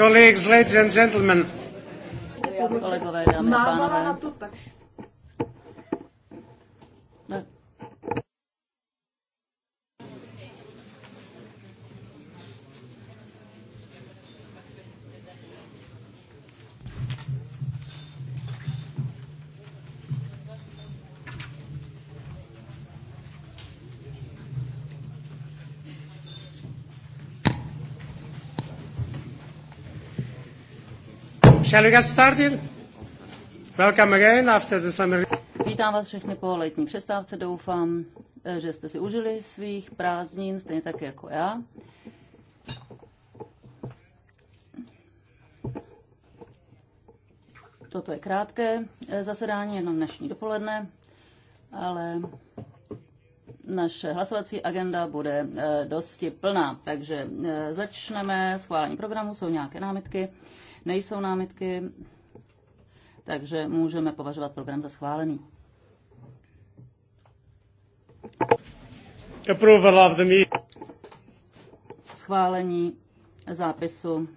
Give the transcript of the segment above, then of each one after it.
Colleagues, ladies and gentlemen. Kolegové, dámy a pánové. Shall we get started? Welcome again after the summer. Vítám vás všechny po letní přestávce. Doufám, eh, že jste si užili svých prázdnin, stejně tak jako já. Toto je krátké eh, zasedání, jenom dnešní dopoledne, ale naše hlasovací agenda bude eh, dosti plná. Takže začneme schválení programu, jsou nějaké námitky. Nejsou námitky, takže můžeme považovat program za schválený. Schválení zápisu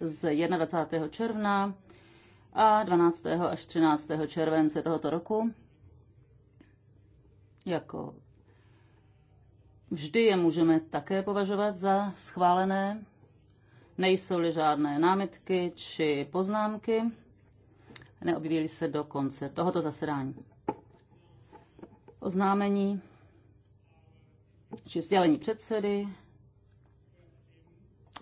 z 21. června a 12. až 13. července tohoto roku. Jako vždy je můžeme také považovat za schválené. Nejsou-li žádné námitky či poznámky, neobjevily se do konce tohoto zasedání. Oznámení či sdělení předsedy.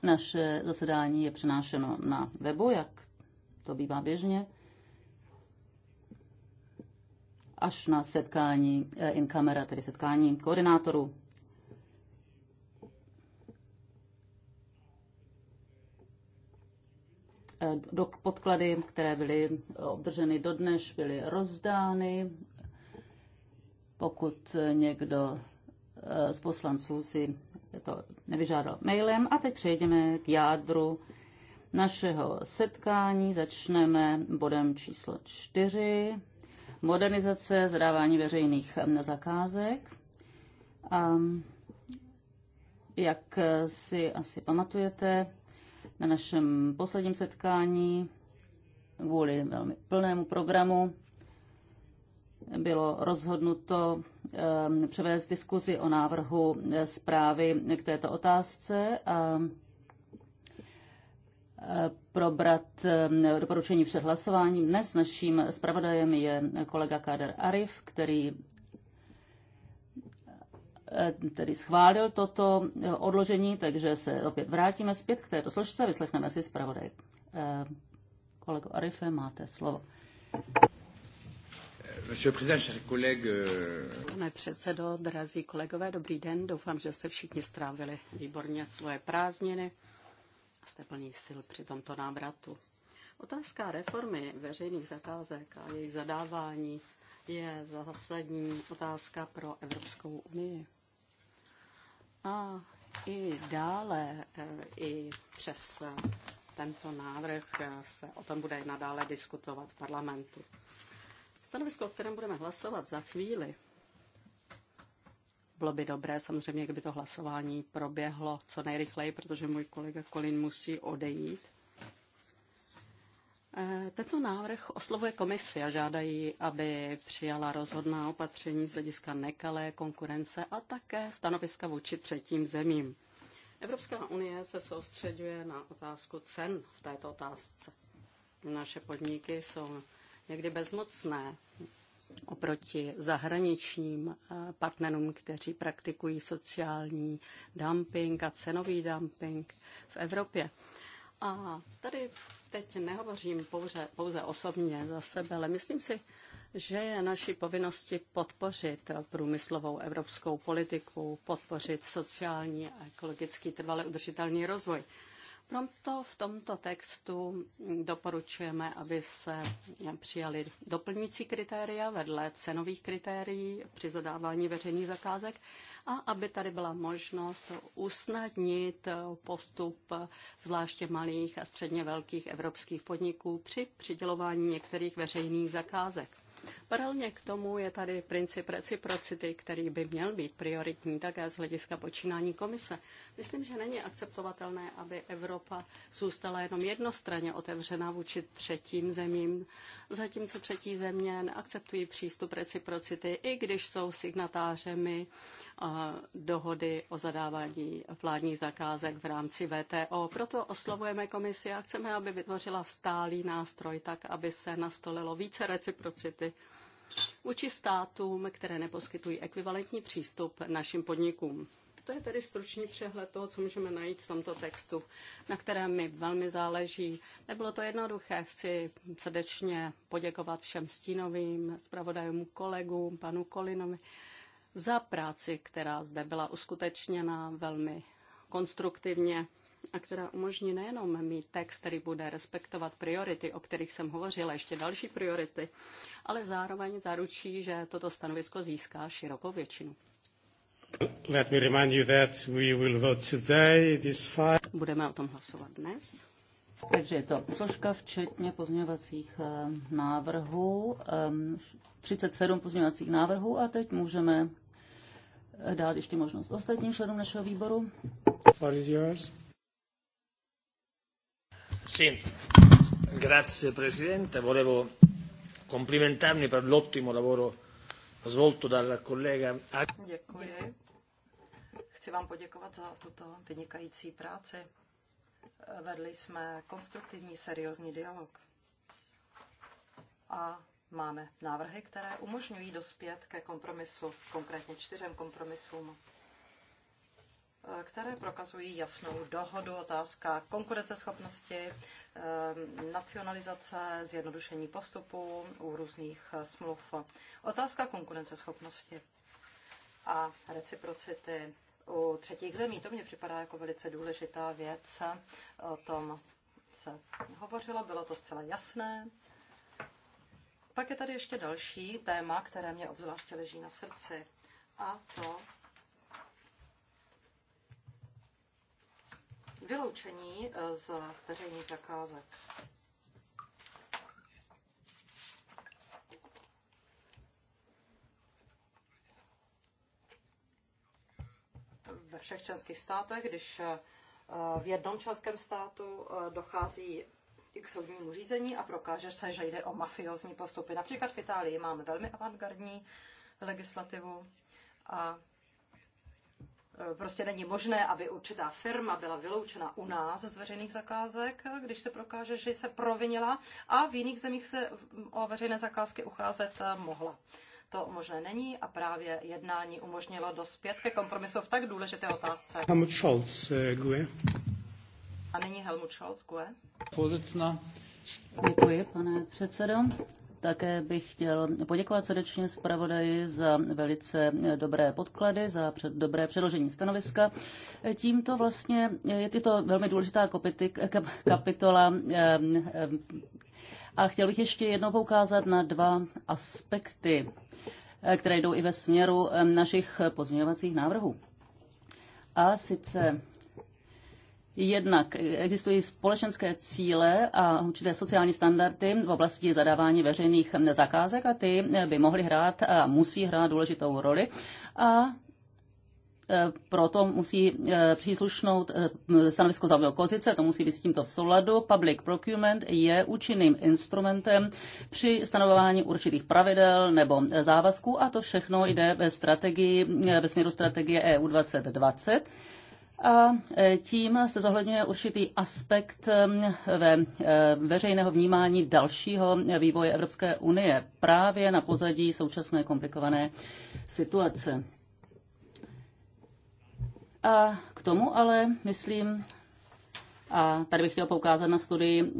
Naše zasedání je přenášeno na webu, jak to bývá běžně, až na setkání eh, in camera, tedy setkání koordinátorů. podklady, které byly obdrženy dodneš, byly rozdány. Pokud někdo eh, z poslanců si to nevyžádal mailem. A teď přejdeme k jádru našeho setkání. Začneme bodem číslo čtyři. Modernizace zadávání veřejných eh, zakázek. A jak si asi pamatujete, na našem posledním setkání kvůli velmi plnému programu bylo rozhodnuto ehm, převést diskuzi o návrhu eh, zprávy k této otázce a eh, probrat ehm, doporučení před hlasováním. Dnes naším zpravodajem je kolega Kader Arif, který Eh, tedy schválil toto eh, odložení, takže se opět vrátíme zpět k této složce, vyslechneme si zpravodaj. Eh, kolego Arife, máte slovo. Pane předsedo, drazí kolegové, dobrý den. Doufám, že jste všichni strávili výborně svoje prázdniny a jste plní sil při tomto návratu. Otázka reformy veřejných zakázek a jejich zadávání je zásadní otázka pro Evropskou unii. A i dále, e, i přes e, tento návrh e, se o tom bude nadále diskutovat v parlamentu. Stanovisko, o kterém budeme hlasovat za chvíli, bylo by dobré samozřejmě, kdyby to hlasování proběhlo co nejrychleji, protože můj kolega Kolin musí odejít. Eh, tento návrh oslovuje komisi a žádají, aby přijala rozhodná opatření z hlediska nekalé konkurence a také stanoviska vůči třetím zemím. Evropská unie se soustředuje na otázku cen v této otázce. Naše podniky jsou někdy bezmocné oproti zahraničním eh, partnerům, kteří praktikují sociální dumping a cenový dumping v Evropě. A tady teď nehovořím pouze, pouze osobně za sebe, ale myslím si, že je naší povinnosti podpořit průmyslovou evropskou politiku, podpořit sociální a ekologický trvale udržitelný rozvoj. Proto v tomto textu doporučujeme, aby se přijali doplňující kritéria vedle cenových kritérií při zadávání veřejných zakázek a aby tady byla možnost usnadnit postup zvláště malých a středně velkých evropských podniků při přidělování některých veřejných zakázek. Paralelně k tomu je tady princip reciprocity, který by měl být prioritní také z hlediska počínání komise. Myslím, že není akceptovatelné, aby Evropa zůstala jenom jednostranně otevřená vůči třetím zemím, zatímco třetí země neakceptují přístup reciprocity, i když jsou signatářemi dohody o zadávání vládních zakázek v rámci VTO. Proto oslovujeme komisi a chceme, aby vytvořila stálý nástroj tak, aby se nastolilo více reciprocity uči státům, které neposkytují ekvivalentní přístup našim podnikům. To je tedy stručný přehled toho, co můžeme najít v tomto textu, na kterém mi velmi záleží. Nebylo to jednoduché. Chci srdečně poděkovat všem stínovým, zpravodajům, kolegům, panu Kolinovi za práci, která zde byla uskutečněna velmi konstruktivně a která umožní nejenom mít text, který bude respektovat priority, o kterých jsem hovořila, ještě další priority, ale zároveň zaručí, že toto stanovisko získá širokou většinu. Let me remind you that we will vote today this five... Budeme o tom hlasovat dnes. Takže je to složka včetně pozměňovacích eh, návrhů, 37 pozměňovacích návrhů a teď můžeme dát ještě možnost ostatním členům našeho výboru. Sì, grazie Presidente. Volevo complimentarmi per l'ottimo lavoro svolto dal collega. Děkuji. Chci vám poděkovat za tuto vynikající práci. Vedli jsme konstruktivní, seriózní dialog. A máme návrhy, které umožňují dospět ke kompromisu, konkrétně čtyřem kompromisům, které prokazují jasnou dohodu, otázka konkurenceschopnosti, eh, nacionalizace, zjednodušení postupu u různých smluv, otázka konkurenceschopnosti a reciprocity u třetích zemí. To mně připadá jako velice důležitá věc. O tom se hovořilo, bylo to zcela jasné pak je tady ještě další téma, které mě obzvláště leží na srdci. A to vyloučení eh, z veřejných zakázek. Ve všech členských státech, když eh, v jednom členském státu eh, dochází k soudnímu řízení a prokáže se, že jde o mafiozní postupy. Například v Itálii máme velmi avantgardní legislativu a e, prostě není možné, aby určitá firma byla vyloučena u nás z veřejných zakázek, když se prokáže, že se provinila a v jiných zemích se o veřejné zakázky ucházet e, mohla. To možné není a právě jednání umožnilo dospět ke kompromisu v tak důležité otázce. Scholz, uh, a nyní Helmut Scholz, Kue. Děkuji, pane předsedo. Také bych chtěl poděkovat srdečně zpravodaji za velice dobré podklady, za před, dobré předložení stanoviska. Tímto vlastně je tyto velmi důležitá kapitola a chtěl bych ještě jednou poukázat na dva aspekty, eh, které jdou i ve směru našich pozměňovacích návrhů. A sice Jednak existují společenské cíle a určité sociální standardy v oblasti zadávání veřejných zakázek a ty by mohly hrát a musí hrát důležitou roli. A e, proto musí e, příslušnout e, stanovisko za pozice, to musí být s tímto v souladu. Public procurement je účinným instrumentem při stanovování určitých pravidel nebo závazků a to všechno jde ve strategii, ve směru strategie EU 2020 a e, tím se zohledňuje určitý aspekt ve e, veřejného vnímání dalšího vývoje Evropské unie právě na pozadí současné komplikované situace. A k tomu ale, myslím, a tady bych chtěl poukázat na studii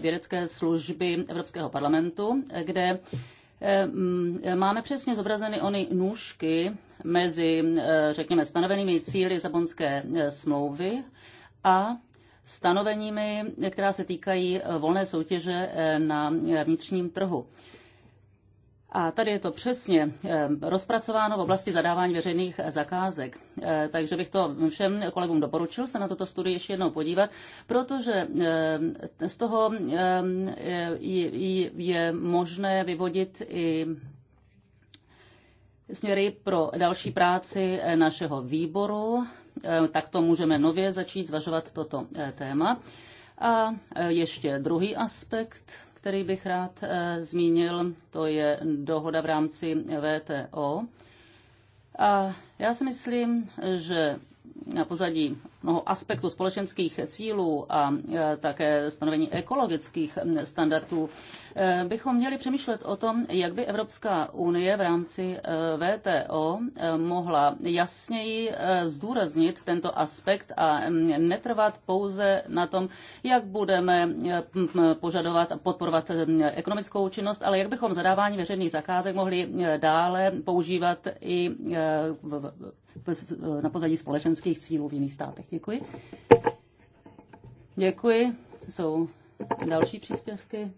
vědecké služby Evropského parlamentu, kde Ehm, máme přesně zobrazeny ony nůžky mezi, eh, řekněme, stanovenými cíly Zabonské eh, smlouvy a stanoveními, která se týkají volné soutěže eh, na vnitřním trhu. A tady je to přesně rozpracováno v oblasti zadávání veřejných eh, zakázek. Eh, takže bych to všem kolegům doporučil se na toto studii ještě jednou podívat, protože eh, z toho je možné vyvodit i směry pro další práci našeho výboru. Takto můžeme nově začít zvažovat toto téma. A ještě druhý aspekt který bych rád eh, zmínil, to je dohoda v rámci VTO. A já si myslím, že na pozadí mnoho aspektů společenských cílů a e, také stanovení ekologických standardů, e, bychom měli přemýšlet o tom, jak by Evropská unie v rámci e, VTO mohla jasněji zdůraznit tento aspekt a netrvat pouze na tom, jak budeme požadovat a podporovat ekonomickou činnost, ale jak bychom zadávání veřejných zakázek mohli dále používat i v Eh, na pozadí společenských cílů v jiných státech. Děkuji. Děkuji. Jsou další příspěvky.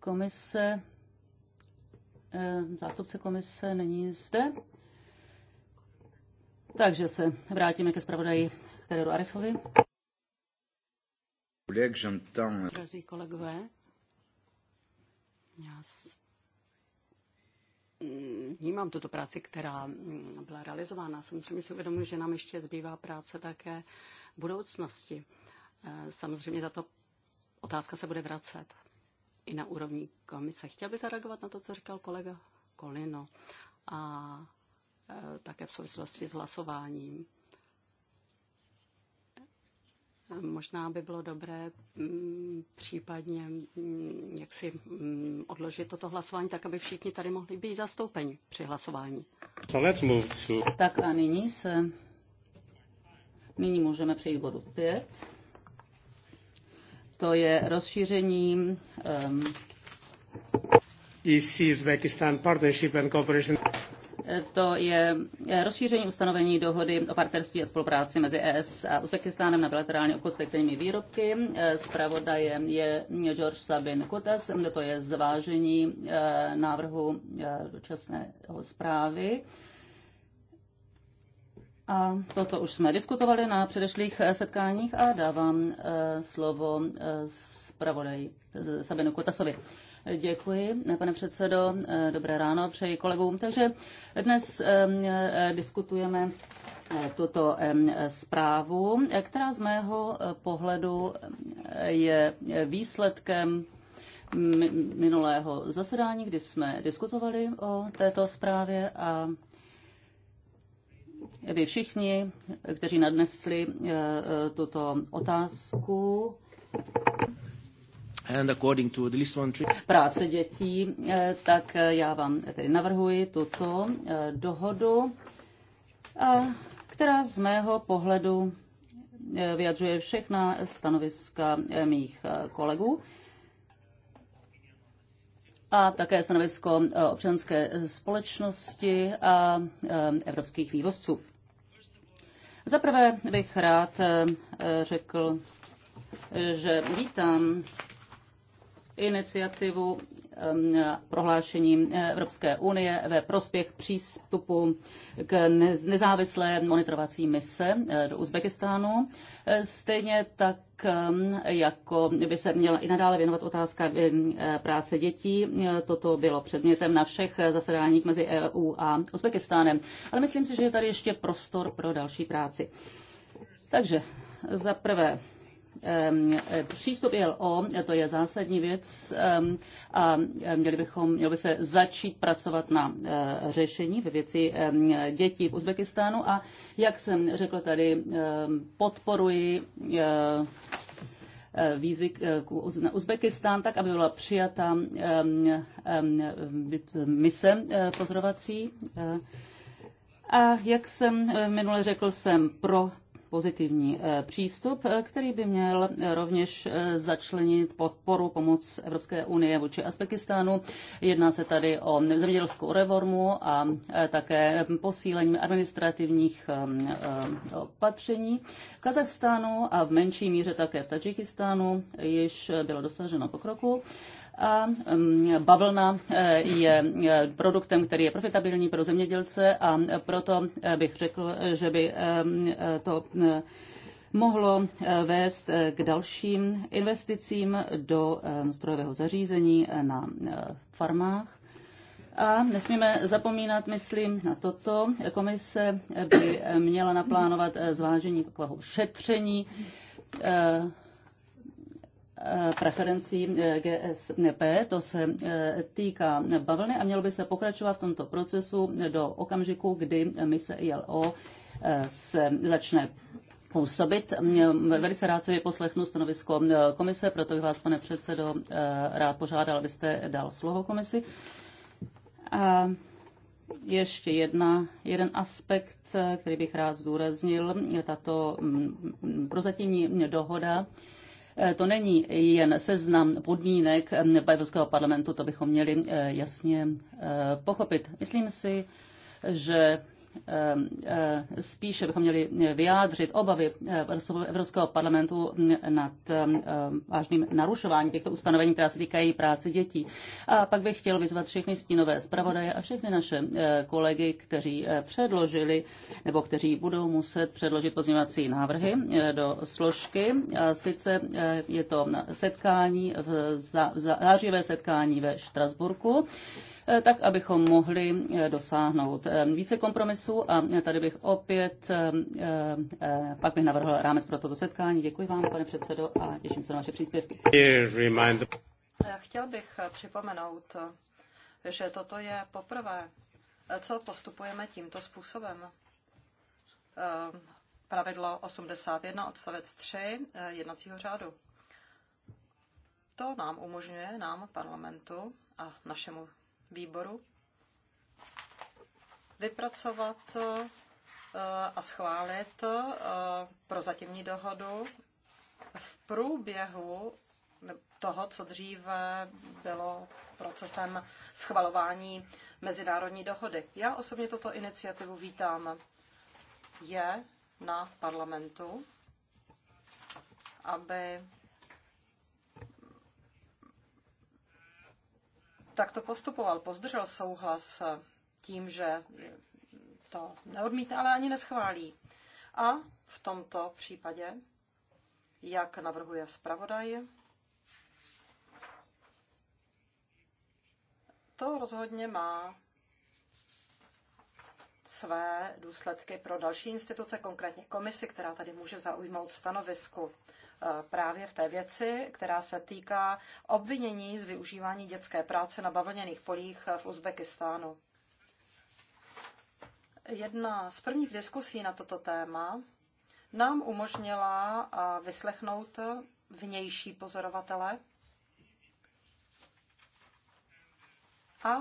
Komise, eh, zástupce komise není zde. Takže se vrátíme ke zpravodaji Kareru Arefovi. Euh, Drazí kolegové, já Mm, vnímám tuto práci, která mm, byla realizována. Samozřejmě si uvědomuji, že nám ještě zbývá práce také v budoucnosti. E, samozřejmě tato otázka se bude vracet i na úrovni komise. Chtěl bych zareagovat na to, co říkal kolega Kolino a e, také v souvislosti s hlasováním. Možná by bylo dobré mm, případně mm, jak si mm, odložit toto hlasování tak, aby všichni tady mohli být zastoupeni při hlasování. So let's move to... Tak a nyní se... Nyní můžeme přejít bodu 5. To je rozšíření um, EC Uzbekistan Partnership and Cooperation to je rozšíření ustanovení dohody o partnerství a spolupráci mezi ES a Uzbekistánem na bilaterální obchod s výrobky. Spravodajem je George Sabin Kutas, to je zvážení eh, návrhu eh, dočasné zprávy. A toto už jsme diskutovali na předešlých eh, setkáních a dávám eh, slovo eh, zpravodaji Sabinu Kotasovi. Děkuji, pane předsedo. Dobré ráno přeji kolegům. Takže dnes diskutujeme tuto zprávu, která z mého pohledu je výsledkem minulého zasedání, kdy jsme diskutovali o této zprávě a vy všichni, kteří nadnesli eh, eh, tuto otázku. And according to the Lisbon práce dětí, eh, tak já vám tedy navrhuji tuto dohodu, která z mého pohledu vyjadřuje všechna stanoviska mých kolegů a také stanovisko občanské společnosti a evropských vývozců. Zaprvé bych rád eh, řekl, že vítám iniciativu eh, prohlášení Evropské unie ve prospěch přístupu k nezávislé monitorovací mise eh, do Uzbekistánu. Stejně tak Um, jako by se měla i nadále věnovat otázka um, eh, práce dětí. Toto bylo předmětem na všech eh, zasedáních mezi EU a Uzbekistánem. Ale myslím si, že je tady ještě prostor pro další práci. Takže za prvé Eh, přístup ILO, to je zásadní věc a měli bychom, měli by se začít pracovat na eh, řešení ve věci dětí v Uzbekistánu a jak jsem řekla tady, podporuji eh, výzvy na Uzbekistán, tak aby byla přijata mise pozorovací. A jak jsem minule řekl, jsem pro pozitivní eh, přístup, eh, který by měl eh, rovněž začlenit podporu pomoc Evropské unie vůči Uzbekistánu. Jedná se tady o zemědělskou reformu a také posílení administrativních ehm, opatření v Kazachstánu a v menší míře také v Tadžikistánu již bylo dosaženo pokroku a bavlna e, je e, produktem, který je profitabilní pro zemědělce a proto e, bych řekl, že by to mohlo vést k dalším investicím do strojového zařízení na farmách. A nesmíme zapomínat, myslím, na toto. Komise by měla naplánovat zvážení takového šetření preferencí eh, GSP, to se eh, týká bavlny a mělo by se pokračovat v tomto procesu do okamžiku, kdy mise ILO eh, se začne působit. Velice rád si vyposlechnu stanovisko komise, proto bych vás, pane předsedo, rád požádal, abyste dal slovo komisi. A ještě jedna, jeden aspekt, který bych rád zdůraznil, je tato mm, prozatímní dohoda Eh, to není jen seznam podmínek eh, Evropského parlamentu, to bychom měli eh, jasně pochopit. Myslím si, že Ehm, ehm, spíše bychom měli vyjádřit obavy ehm, Evropského parlamentu nad vážným narušováním těchto ustanovení, která se týkají práce dětí. A pak bych chtěl vyzvat všechny stínové zpravodaje a všechny naše kolegy, kteří předložili nebo kteří budou muset předložit pozměňovací návrhy do složky. A sice je to setkání, v zářivé setkání ve Štrasburku. Eh, tak abychom mohli eh, dosáhnout eh, více kompromisů. A tady bych opět, pak bych navrhl rámec pro toto setkání. Děkuji vám, pane předsedo, a těším se na vaše příspěvky. Chtěl bych připomenout, že toto je poprvé, co postupujeme tímto způsobem. Pravidlo 81 odstavec 3 jednacího řádu. To nám umožňuje, nám parlamentu a našemu výboru vypracovat eh, a schválit eh, prozatímní dohodu v průběhu toho, co dříve bylo procesem schvalování mezinárodní dohody. Já osobně toto iniciativu vítám. Je na parlamentu, aby takto postupoval, pozdržel souhlas tím, že to neodmítne, ale ani neschválí. A v tomto případě, jak navrhuje zpravodaj, to rozhodně má své důsledky pro další instituce, konkrétně komisi, která tady může zaujmout stanovisku. Eh, právě v té věci, která se týká obvinění z využívání dětské práce na bavlněných polích v Uzbekistánu. Jedna z prvních diskusí na toto téma nám umožnila eh, vyslechnout vnější pozorovatele a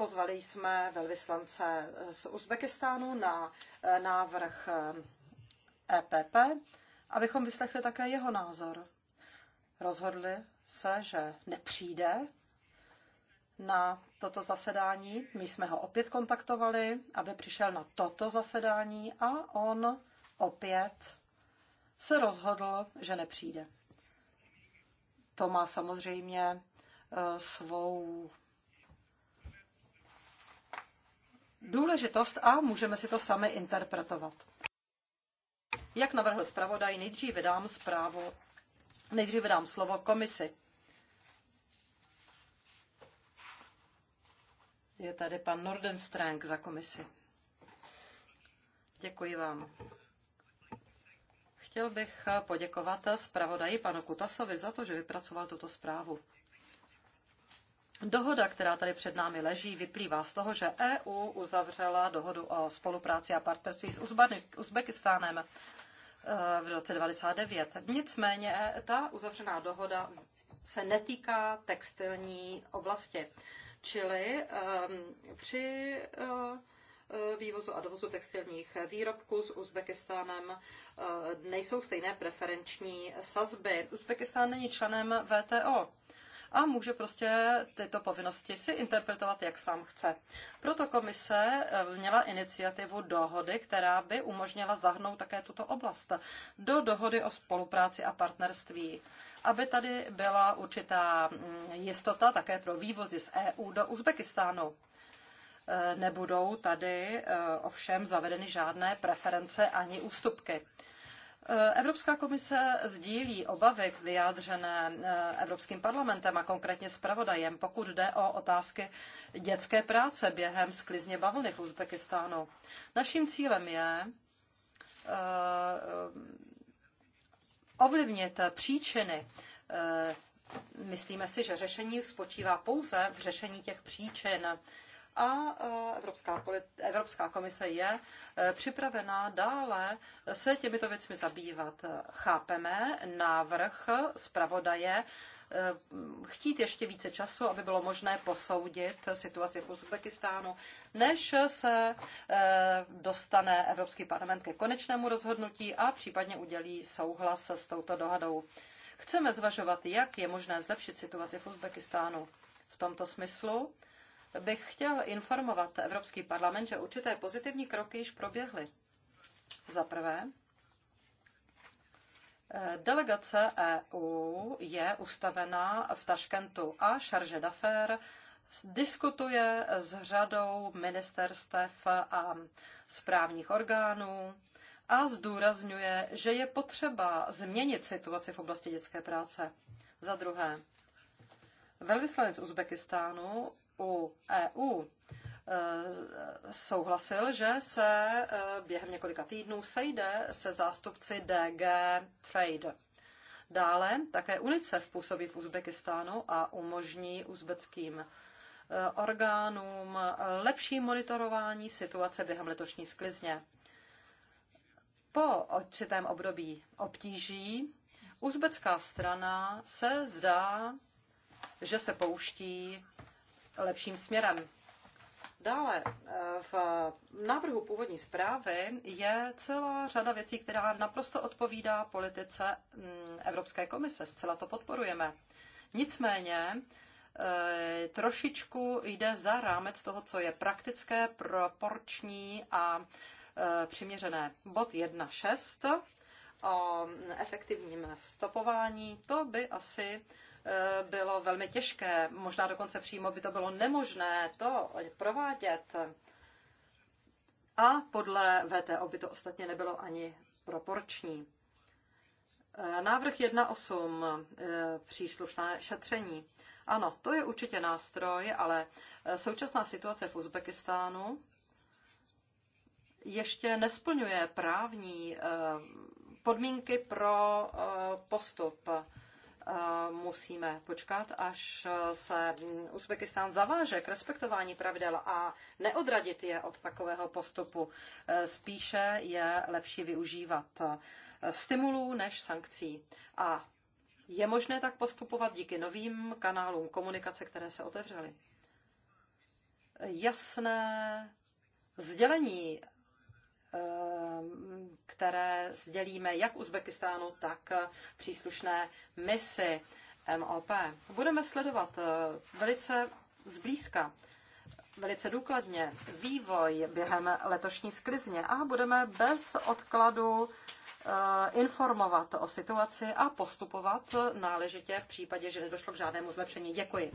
Pozvali jsme velvyslance z Uzbekistánu na eh, návrh EPP, eh, e abychom vyslechli také jeho názor. Rozhodli se, že nepřijde na toto zasedání. My jsme ho opět kontaktovali, aby přišel na toto zasedání a on opět se rozhodl, že nepřijde. To má samozřejmě eh, svou důležitost a můžeme si to sami interpretovat. Jak navrhl zpravodaj, nejdříve dám zprávu, nejdříve dám slovo komisi. Je tady pan Nordenstrang za komisi. Děkuji vám. Chtěl bych poděkovat zpravodaji panu Kutasovi za to, že vypracoval tuto zprávu. Dohoda, která tady před námi leží, vyplývá z toho, že EU uzavřela dohodu o spolupráci a partnerství s Uzbekistánem eh, v roce 1999. Nicméně ta uzavřená dohoda se netýká textilní oblasti, čili ehm, při eh, vývozu a dovozu textilních výrobků s Uzbekistánem eh, nejsou stejné preferenční sazby. Uzbekistán není členem VTO a může prostě tyto povinnosti si interpretovat, jak sám chce. Proto komise eh, měla iniciativu dohody, která by umožnila zahrnout také tuto oblast do dohody o spolupráci a partnerství aby tady byla určitá mm, jistota také pro vývozy z EU do Uzbekistánu. Eh, nebudou tady eh, ovšem zavedeny žádné preference ani ústupky. Eh, Evropská komise sdílí obavy vyjádřené eh, Evropským parlamentem a konkrétně zpravodajem, pokud jde o otázky dětské práce během sklizně bavlny v Uzbekistánu. Naším cílem je eh, ovlivnit příčiny myslíme si, že řešení spočívá pouze v řešení těch příčin a e, Evropská, Evropská komise je e, připravená dále se těmito věcmi zabývat. Chápeme návrh zpravodaje e, chtít ještě více času, aby bylo možné posoudit situaci v Uzbekistánu, než se dostane Evropský parlament ke konečnému rozhodnutí a případně udělí souhlas s touto dohadou. Chceme zvažovat, jak je možné zlepšit situaci v Uzbekistánu. V tomto smyslu bych chtěl informovat Evropský parlament, že určité pozitivní kroky již proběhly. Za prvé, eh, delegace EU je ustavená v Taškentu a Charge d'affaires diskutuje s řadou ministerstev a správních orgánů a zdůrazňuje, že je potřeba změnit situaci v oblasti dětské práce. Za druhé, velvyslanec Uzbekistánu u EU eh, souhlasil, že se eh, během několika týdnů sejde se zástupci DG Trade. Dále také UNICEF působí v Uzbekistánu a umožní uzbeckým eh, orgánům lepší monitorování situace během letošní sklizně. Po určitém období obtíží uzbecká strana se zdá, že se pouští lepším směrem. Dále eh, v návrhu původní zprávy je celá řada věcí, která naprosto odpovídá politice mm, Evropské komise. Zcela to podporujeme. Nicméně eh, trošičku jde za rámec toho, co je praktické, proporční a eh, přiměřené. Bod 1.6 o mm, efektivním stopování, to by asi Eh, bylo velmi těžké, možná dokonce přímo by to bylo nemožné to provádět. A podle VTO by to ostatně nebylo ani proporční. Eh, návrh 1.8, eh, příslušné šetření. Ano, to je určitě nástroj, ale současná situace v Uzbekistánu ještě nesplňuje právní podmínky pro postup. Eh, musíme počkat, až se mm, Uzbekistán zaváže k respektování pravidel a neodradit je od takového postupu. Eh, spíše je lepší využívat eh, stimulů než sankcí. A je možné tak postupovat díky novým kanálům komunikace, které se otevřely. Jasné sdělení Ehm, které sdělíme jak Uzbekistánu, tak eh, příslušné misi MOP. Budeme sledovat eh, velice zblízka velice důkladně vývoj během letošní sklizně a budeme bez odkladu eh, informovat o situaci a postupovat náležitě v případě, že nedošlo k žádnému zlepšení. Děkuji.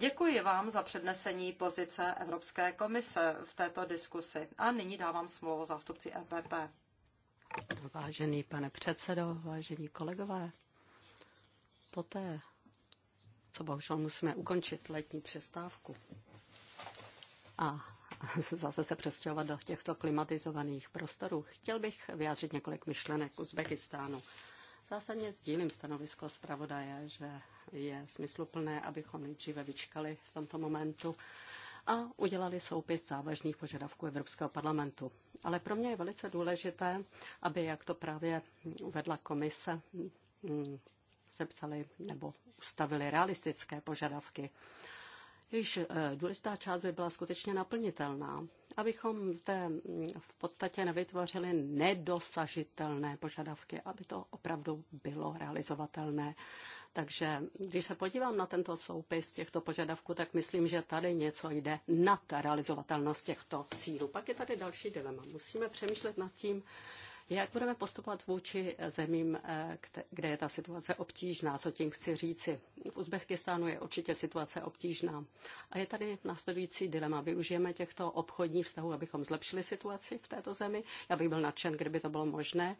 Děkuji vám za přednesení pozice Evropské komise v této diskusi a nyní dávám slovo zástupci EPP. Vážený pane předsedo, vážení kolegové, poté, co bohužel musíme ukončit letní přestávku a zase se přestěhovat do těchto klimatizovaných prostorů, chtěl bych vyjádřit několik myšlenek Uzbekistánu. Zásadně sdílím stanovisko zpravodaje, že je smysluplné, abychom nejdříve vyčkali v tomto momentu a udělali soupis závažných požadavků Evropského parlamentu. Ale pro mě je velice důležité, aby, jak to právě uvedla komise, mm, sepsali nebo ustavili realistické požadavky. Již eh, důležitá část by byla skutečně naplnitelná, abychom zde mm, v podstatě nevytvořili nedosažitelné požadavky, aby to opravdu bylo realizovatelné. Takže když se podívám na tento soupis těchto požadavků, tak myslím, že tady něco jde nad realizovatelnost těchto cílů. Pak je tady další dilema. Musíme přemýšlet nad tím, jak budeme postupovat vůči zemím, eh, kde je ta situace obtížná? Co tím chci říci? V Uzbekistánu je určitě situace obtížná. A je tady následující dilema. Využijeme těchto obchodních vztahů, abychom zlepšili situaci v této zemi. Já bych byl nadšen, kdyby to bylo možné,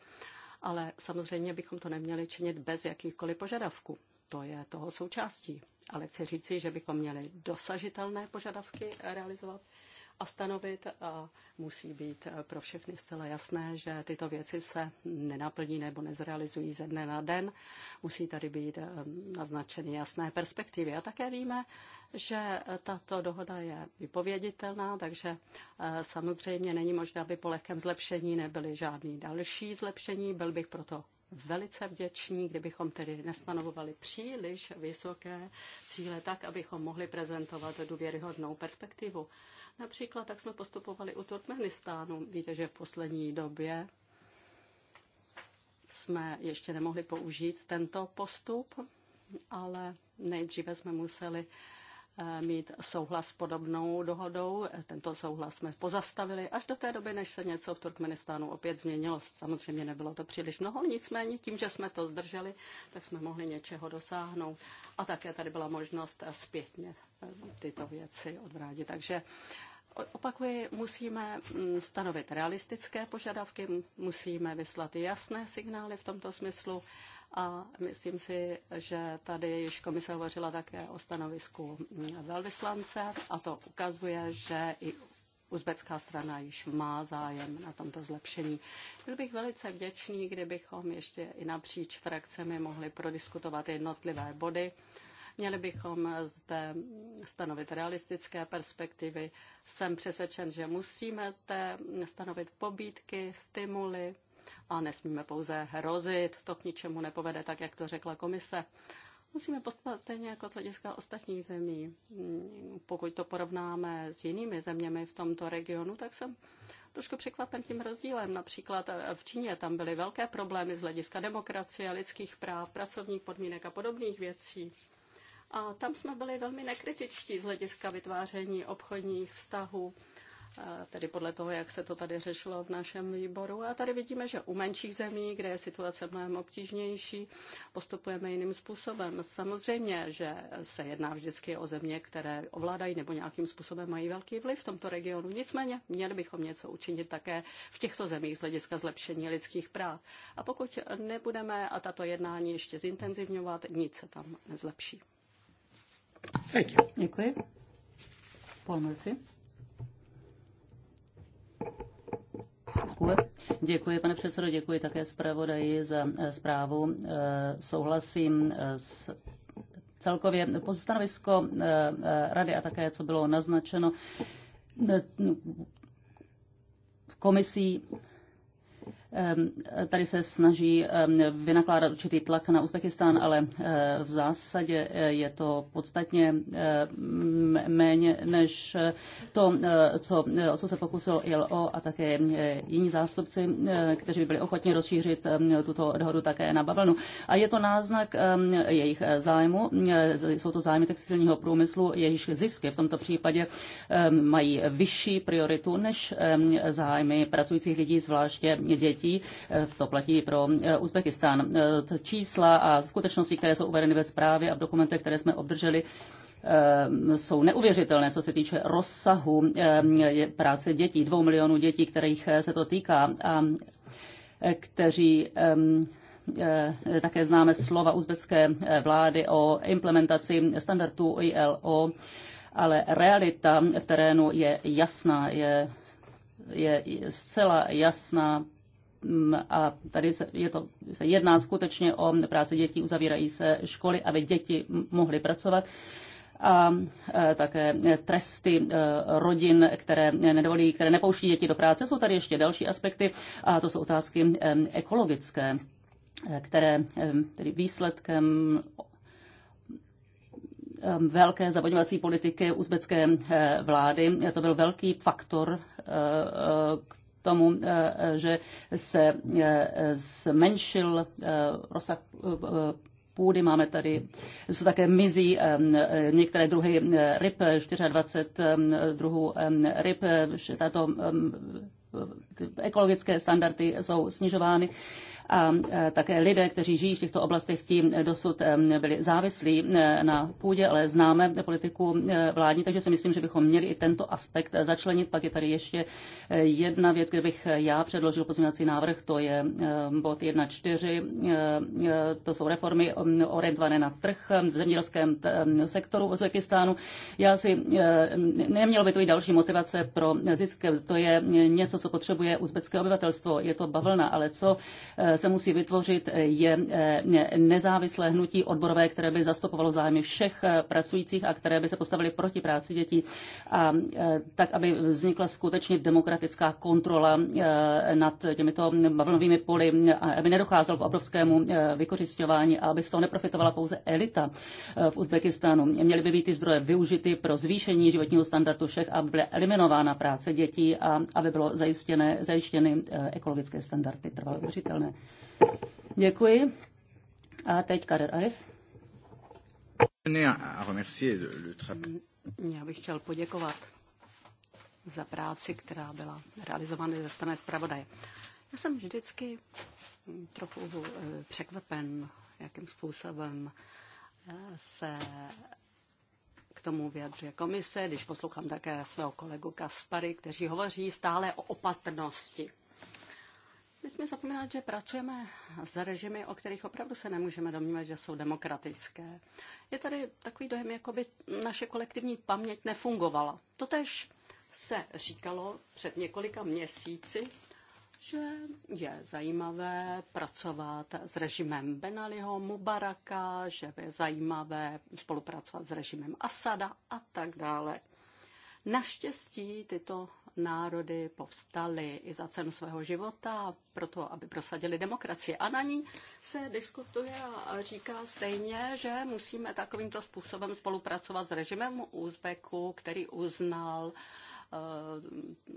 ale samozřejmě bychom to neměli činit bez jakýchkoliv požadavků to je toho součástí. Ale chci říci, že bychom měli dosažitelné požadavky realizovat a stanovit a musí být eh, pro všechny zcela jasné, že tyto věci se nenaplní nebo nezrealizují ze dne na den. Musí tady být eh, naznačeny jasné perspektivy. A také víme, že eh, tato dohoda je vypověditelná, takže samozřejmě není možné, aby po lehkém zlepšení nebyly žádný další zlepšení. Byl bych proto velice vděční, kdybychom tedy nestanovovali příliš vysoké cíle tak, abychom mohli prezentovat důvěryhodnou perspektivu. Například tak jsme postupovali u Turkmenistánu. Víte, že v poslední době jsme ještě nemohli použít tento postup, ale nejdříve jsme museli uh, Eh, mít souhlas podobnou dohodou. Tento souhlas jsme pozastavili až do té doby, než se něco v Turkmenistánu opět změnilo. Samozřejmě nebylo to příliš mnoho, nicméně tím, že jsme to zdrželi, tak jsme mohli něčeho dosáhnout. A také tady byla možnost zpětně eh, tyto věci odvrátit. Takže opakuji, musíme mm, stanovit realistické požadavky, musíme vyslat jasné signály v tomto smyslu a myslím si, že tady již komise hovořila také o stanovisku velvyslance a to ukazuje, že i uzbecká strana již má zájem na tomto zlepšení. Byl bych velice vděčný, kdybychom ještě i napříč frakcemi mohli prodiskutovat jednotlivé body. Měli bychom zde stanovit realistické perspektivy. Jsem přesvědčen, že musíme zde stanovit pobídky, stimuly a nesmíme pouze hrozit, to k ničemu nepovede, tak jak to řekla komise. Musíme postupovat stejně jako z hlediska ostatních zemí. Pokud to porovnáme s jinými zeměmi v tomto regionu, tak jsem trošku překvapen tím rozdílem. Například v Číně tam byly velké problémy z hlediska demokracie, lidských práv, pracovních podmínek a podobných věcí. A tam jsme byli velmi nekritičtí z hlediska vytváření obchodních vztahů tedy podle toho, jak se to tady řešilo v našem výboru. A tady vidíme, že u menších zemí, kde je situace mnohem obtížnější, postupujeme jiným způsobem. Samozřejmě, že se jedná vždycky o země, které ovládají nebo nějakým způsobem mají velký vliv v tomto regionu. Nicméně měli bychom něco učinit také v těchto zemích z hlediska zlepšení lidských práv. A pokud nebudeme a tato jednání ještě zintenzivňovat, nic se tam nezlepší. Thank you. Děkuji. Paul Murphy. otázku. Děkuji, pane předsedo, děkuji také zpravodaji za eh, zprávu. Eh, souhlasím eh, s celkově stanovisko rady a také, co bylo naznačeno komisí Tady se snaží vynakládat určitý tlak na Uzbekistán, ale eh, v zásadě eh, je to podstatně eh, méně než to, co, o co se pokusilo ILO a také jiní zástupci, kteří by byli ochotni rozšířit tuto dohodu také na bavlnu. A je to náznak jejich zájmu. Jsou to zájmy textilního průmyslu, jejichž zisky v tomto případě mají vyšší prioritu než zájmy pracujících lidí, zvláště dětí obětí. Eh, to platí i pro eh, Uzbekistán. Eh, čísla a skutečnosti, které jsou uvedeny ve zprávě a v dokumentech, které jsme obdrželi, jsou neuvěřitelné, co se týče rozsahu práce dětí, dvou milionů dětí, kterých se to týká, a kteří také známe slova uzbecké vlády o implementaci standardů ILO, ale realita v terénu je jasná, je, je zcela jasná Mm, a tady se, je to, se jedná skutečně o práci dětí, uzavírají se školy, aby děti mohly pracovat a e, také tresty e, rodin, které nedovolí, které nepouští děti do práce. Jsou tady ještě další aspekty a to jsou otázky e, ekologické, které tedy výsledkem velké zavodňovací politiky uzbecké vlády. To byl velký faktor, tomu, eh, eh, že se eh, zmenšil rozsah půdy, máme tady, jsou také mizí některé druhy ryb, 24 druhů ryb, tato ekologické standardy jsou snižovány a e, také lidé, kteří žijí v těchto oblastech, tím dosud e, byli závislí e, na půdě, ale známe politiku vládní, takže si myslím, že bychom měli i tento aspekt začlenit. Pak je tady ještě jedna věc, kde bych já předložil pozměňovací návrh, to je bod 1.4, to jsou reformy orientované na trh v zemědělském sektoru v Uzbekistánu. Já si nemělo by to i další motivace pro zisk, to je něco, co potřebuje uzbecké obyvatelstvo, je to bavlna, ale co se musí vytvořit, eh, je eh, nezávislé hnutí odborové, které by zastupovalo zájmy všech eh, pracujících a které by se postavily proti práci dětí, a tak, aby vznikla skutečně demokratická kontrola nad těmito bavlnovými poli, aby nedocházelo k obrovskému vykořišťování a aby z toho neprofitovala pouze elita v Uzbekistánu. Měly by být ty zdroje využity pro zvýšení životního standardu všech, aby byla eliminována práce dětí a aby bylo zajištěné, zajištěny ekologické standardy trvalé udržitelné. Děkuji. A teď Kader Arif. Já bych chtěl poděkovat za práci, která byla realizována ze strany zpravodaje. Já jsem vždycky trochu eh, překvapen, jakým způsobem eh, se k tomu vyjadřuje komise, když poslouchám také svého kolegu Kaspary, kteří hovoří stále o opatrnosti nesmí zapomínat, že pracujeme s režimy, o kterých opravdu se nemůžeme domnívat, že jsou demokratické. Je tady takový dojem, jako by naše kolektivní paměť nefungovala. Totež se říkalo před několika měsíci, že je zajímavé pracovat s režimem Benaliho Mubaraka, že je zajímavé spolupracovat s režimem Asada a tak dále. Naštěstí tyto národy povstaly i za cenu svého života, proto aby prosadili demokracii. A na ní se diskutuje a říká stejně, že musíme takovýmto způsobem spolupracovat s režimem Úzbeku, který uznal eh,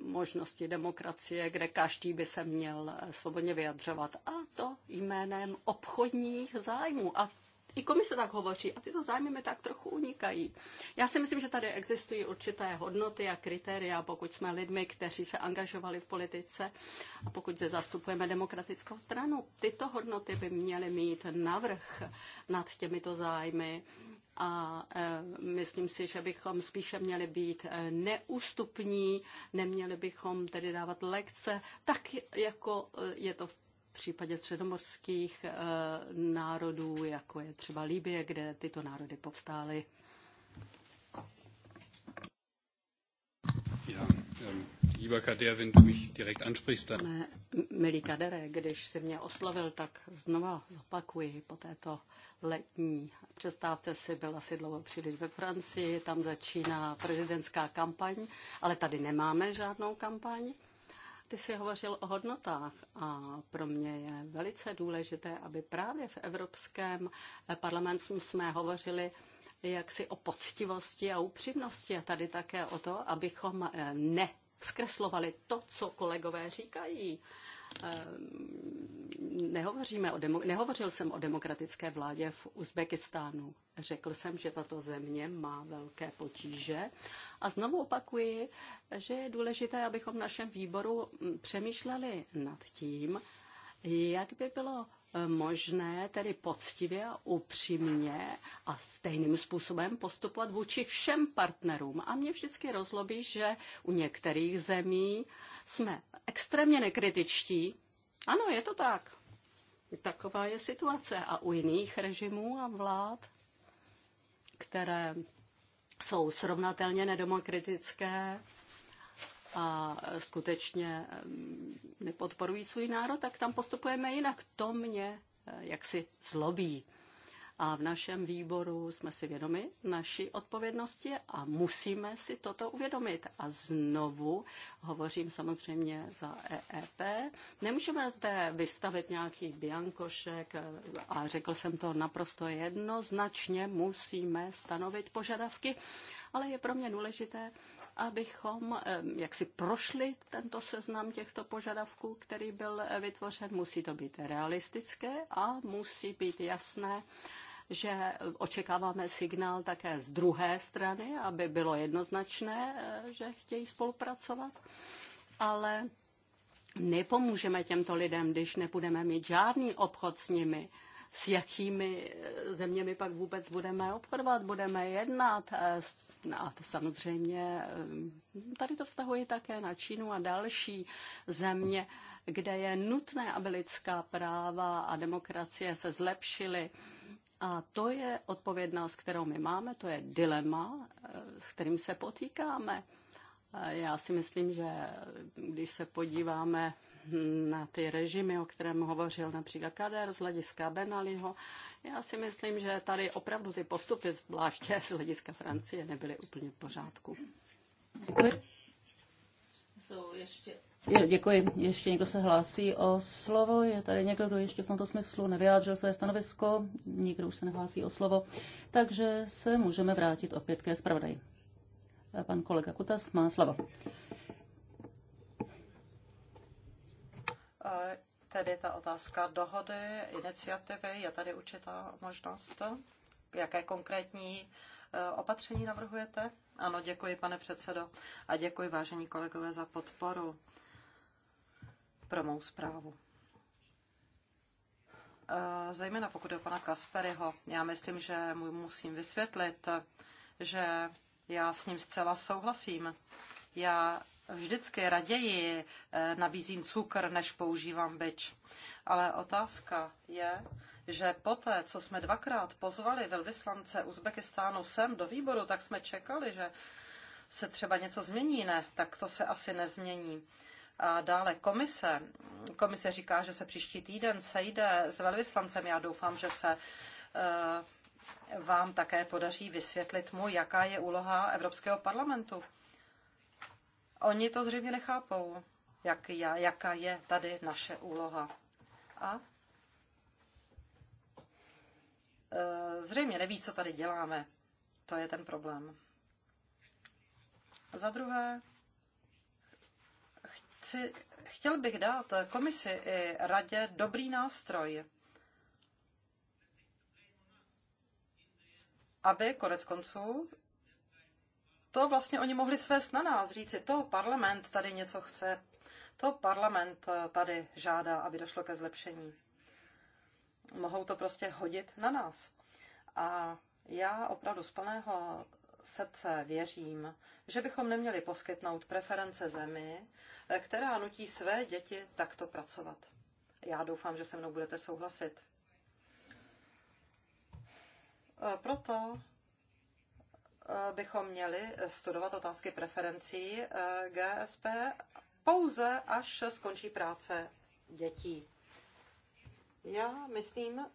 možnosti demokracie, kde každý by se měl svobodně vyjadřovat. A to jménem obchodních zájmů. A i komise tak hovoří a tyto zájmy mi tak trochu unikají. Já si myslím, že tady existují určité hodnoty a kritéria, pokud jsme lidmi, kteří se angažovali v politice a pokud se zastupujeme demokratickou stranu. Tyto hodnoty by měly mít navrh nad těmito zájmy a e, myslím si, že bychom spíše měli být e, neústupní, neměli bychom tedy dávat lekce, tak jako e, je to v v případě středomorských eh, národů, jako je třeba Líbie, kde tyto národy povstály. Ähm, direkt Milý Kadere, když si mě oslavil, tak znova zopakuji po této letní přestávce si byl asi dlouho příliš ve Francii, tam začíná prezidentská kampaň, ale tady nemáme žádnou kampaň. Ty jsi hovořil o hodnotách a pro mě je velice důležité, aby právě v Evropském parlamentu jsme hovořili jaksi o poctivosti a upřímnosti a tady také o to, abychom ne zkreslovali to, co kolegové říkají. Ehm, nehovoříme o demo, nehovořil jsem o demokratické vládě v Uzbekistánu. Řekl jsem, že tato země má velké potíže. A znovu opakuji, že je důležité, abychom v našem výboru přemýšleli nad tím, jak by bylo možné tedy poctivě a upřímně a stejným způsobem postupovat vůči všem partnerům. A mě vždycky rozlobí, že u některých zemí jsme extrémně nekritičtí. Ano, je to tak. Taková je situace. A u jiných režimů a vlád, které jsou srovnatelně nedemokratické, a skutečně eh, nepodporují svůj národ, tak tam postupujeme jinak. To mě eh, jaksi zlobí. A v našem výboru jsme si vědomi naší odpovědnosti a musíme si toto uvědomit. A znovu hovořím samozřejmě za EEP. Nemůžeme zde vystavit nějaký biankošek eh, a řekl jsem to naprosto jednoznačně, musíme stanovit požadavky, ale je pro mě důležité, abychom jak si prošli tento seznam těchto požadavků, který byl eh, vytvořen. Musí to být realistické a musí být jasné, že očekáváme signál také z druhé strany, aby bylo jednoznačné, eh, že chtějí spolupracovat, ale nepomůžeme těmto lidem, když nebudeme mít žádný obchod s nimi s jakými eh, zeměmi pak vůbec budeme obchodovat, budeme jednat. A no samozřejmě eh, tady to vztahuje také na Čínu a další země, kde je nutné, aby lidská práva a demokracie se zlepšily. A to je odpovědnost, kterou my máme, to je dilema, eh, s kterým se potýkáme. Já si myslím, že když se podíváme na ty režimy, o kterém hovořil například Kader z hlediska Benaliho. Já si myslím, že tady opravdu ty postupy, zvláště z hlediska Francie, nebyly úplně v pořádku. Děkuji. Jsou ještě... Jo, děkuji. Ještě někdo se hlásí o slovo? Je tady někdo, kdo ještě v tomto smyslu nevyjádřil své stanovisko? Nikdo už se nehlásí o slovo. Takže se můžeme vrátit opět ke zpravodaji. Pan kolega Kutas má slovo. tedy ta otázka dohody, iniciativy, je tady určitá možnost? Jaké konkrétní eh, opatření navrhujete? Ano, děkuji, pane předsedo, a děkuji, vážení kolegové, za podporu pro mou zprávu. Eh, zejména pokud je o pana Kasperyho, já myslím, že mu musím vysvětlit, že já s ním zcela souhlasím. Já vždycky raději eh, nabízím cukr, než používám byč. Ale otázka je, že poté, co jsme dvakrát pozvali velvyslance Uzbekistánu sem do výboru, tak jsme čekali, že se třeba něco změní. Ne, tak to se asi nezmění. A dále komise. Komise říká, že se příští týden sejde s velvyslancem. Já doufám, že se eh, vám také podaří vysvětlit mu, jaká je úloha Evropského parlamentu. Oni to zřejmě nechápou, jak já, jaká je tady naše úloha. A e, zřejmě neví, co tady děláme. To je ten problém. Za druhé, chci, chtěl bych dát komisi i radě dobrý nástroj, aby konec konců to vlastně oni mohli svést na nás, říci, to parlament tady něco chce, to parlament eh, tady žádá, aby došlo ke zlepšení. Mohou to prostě hodit na nás. A já opravdu z plného srdce věřím, že bychom neměli poskytnout preference zemi, eh, která nutí své děti takto pracovat. Já doufám, že se mnou budete souhlasit. Eh, proto Eh, bychom měli studovat otázky preferencí eh, GSP pouze, až skončí práce dětí. Já myslím,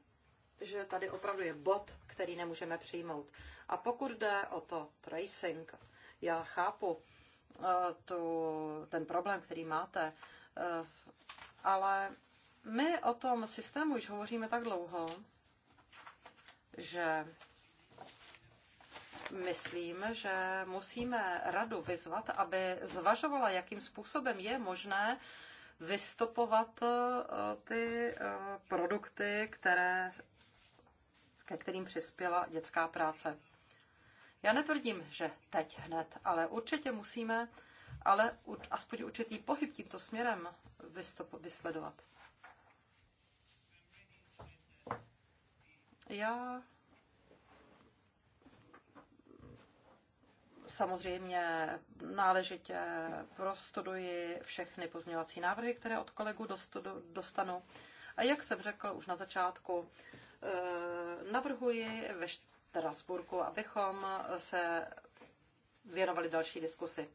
že tady opravdu je bod, který nemůžeme přijmout. A pokud jde o to tracing, já chápu eh, tu, ten problém, který máte, ale my o tom systému už hovoříme tak dlouho, že Myslím, že musíme radu vyzvat, aby zvažovala, jakým způsobem je možné vystopovat e, ty e, produkty, které, ke kterým přispěla dětská práce. Já netvrdím, že teď hned, ale určitě musíme ale aspoň určitý pohyb tímto směrem vysledovat. Já samozřejmě náležitě prostuduji všechny pozměňovací návrhy, které od kolegu dostanu. A jak jsem řekl už na začátku, eh, navrhuji ve Strasburku, abychom se věnovali další diskusi.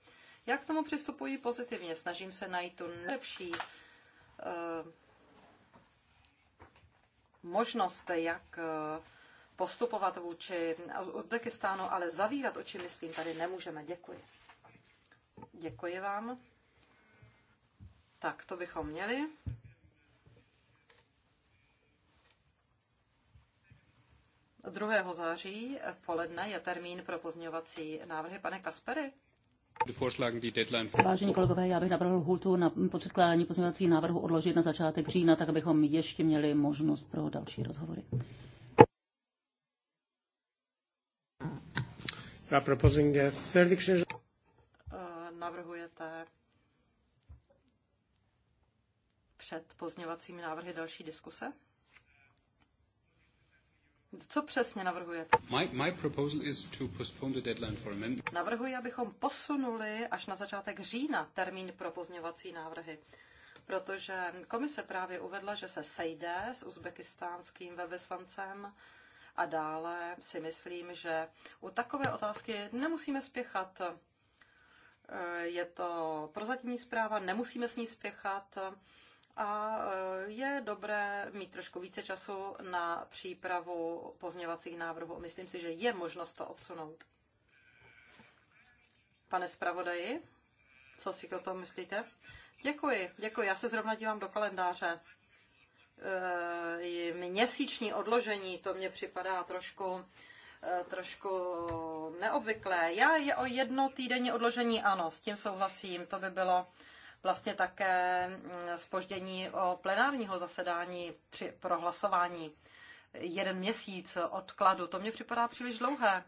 Já k tomu přistupuji pozitivně, snažím se najít tu nejlepší eh, možnost, jak eh, postupovat vůči Uzbekistánu, ale zavírat oči, myslím, tady nemůžeme. Děkuji. Děkuji vám. Tak, to bychom měli. Druhého září v poledne je termín pro pozměňovací návrhy. Pane Kaspery? Vážení kolegové, já bych navrhl hultu na předkládání pozměňovacích návrhů odložit na začátek října, tak abychom ještě měli možnost pro další rozhovory. Uh, uh, navrhujete před pozněvacími návrhy další diskuse? Co přesně navrhujete? My, my proposal is to postpone the deadline for amendment. Navrhuji, abychom posunuli až na začátek října termín pro pozněvací návrhy, protože komise právě uvedla, že se sejde s uzbekistánským veveslancem. A dále si myslím, že u takové otázky nemusíme spěchat. Eh, je to prozatímní zpráva, nemusíme s ní spěchat a eh, je dobré mít trošku více času na přípravu pozměvacích návrhů. Myslím si, že je možnost to odsunout. Pane zpravodaji, co si o tom myslíte? Děkuji, děkuji. Já se zrovna dívám do kalendáře. Eh, měsíční odložení, to mně připadá trošku eh, trošku neobvyklé. Já je o jedno týdenní odložení ano, s tím souhlasím. To by bylo vlastně také spoždění mm, o plenárního zasedání při prohlasování. Jeden měsíc odkladu, to mně připadá příliš dlouhé.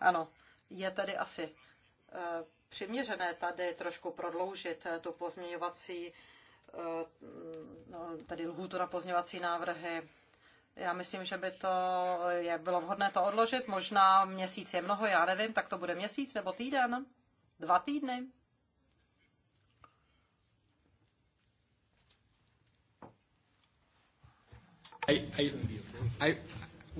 Ano, je tedy asi eh, přiměřené tady trošku prodloužit tu pozměňovací Eh, no, tedy lhůtu na pozněvací návrhy. Já myslím, že by to je, bylo vhodné to odložit. Možná měsíc je mnoho, já nevím, tak to bude měsíc nebo týden, dva týdny. I, I, I,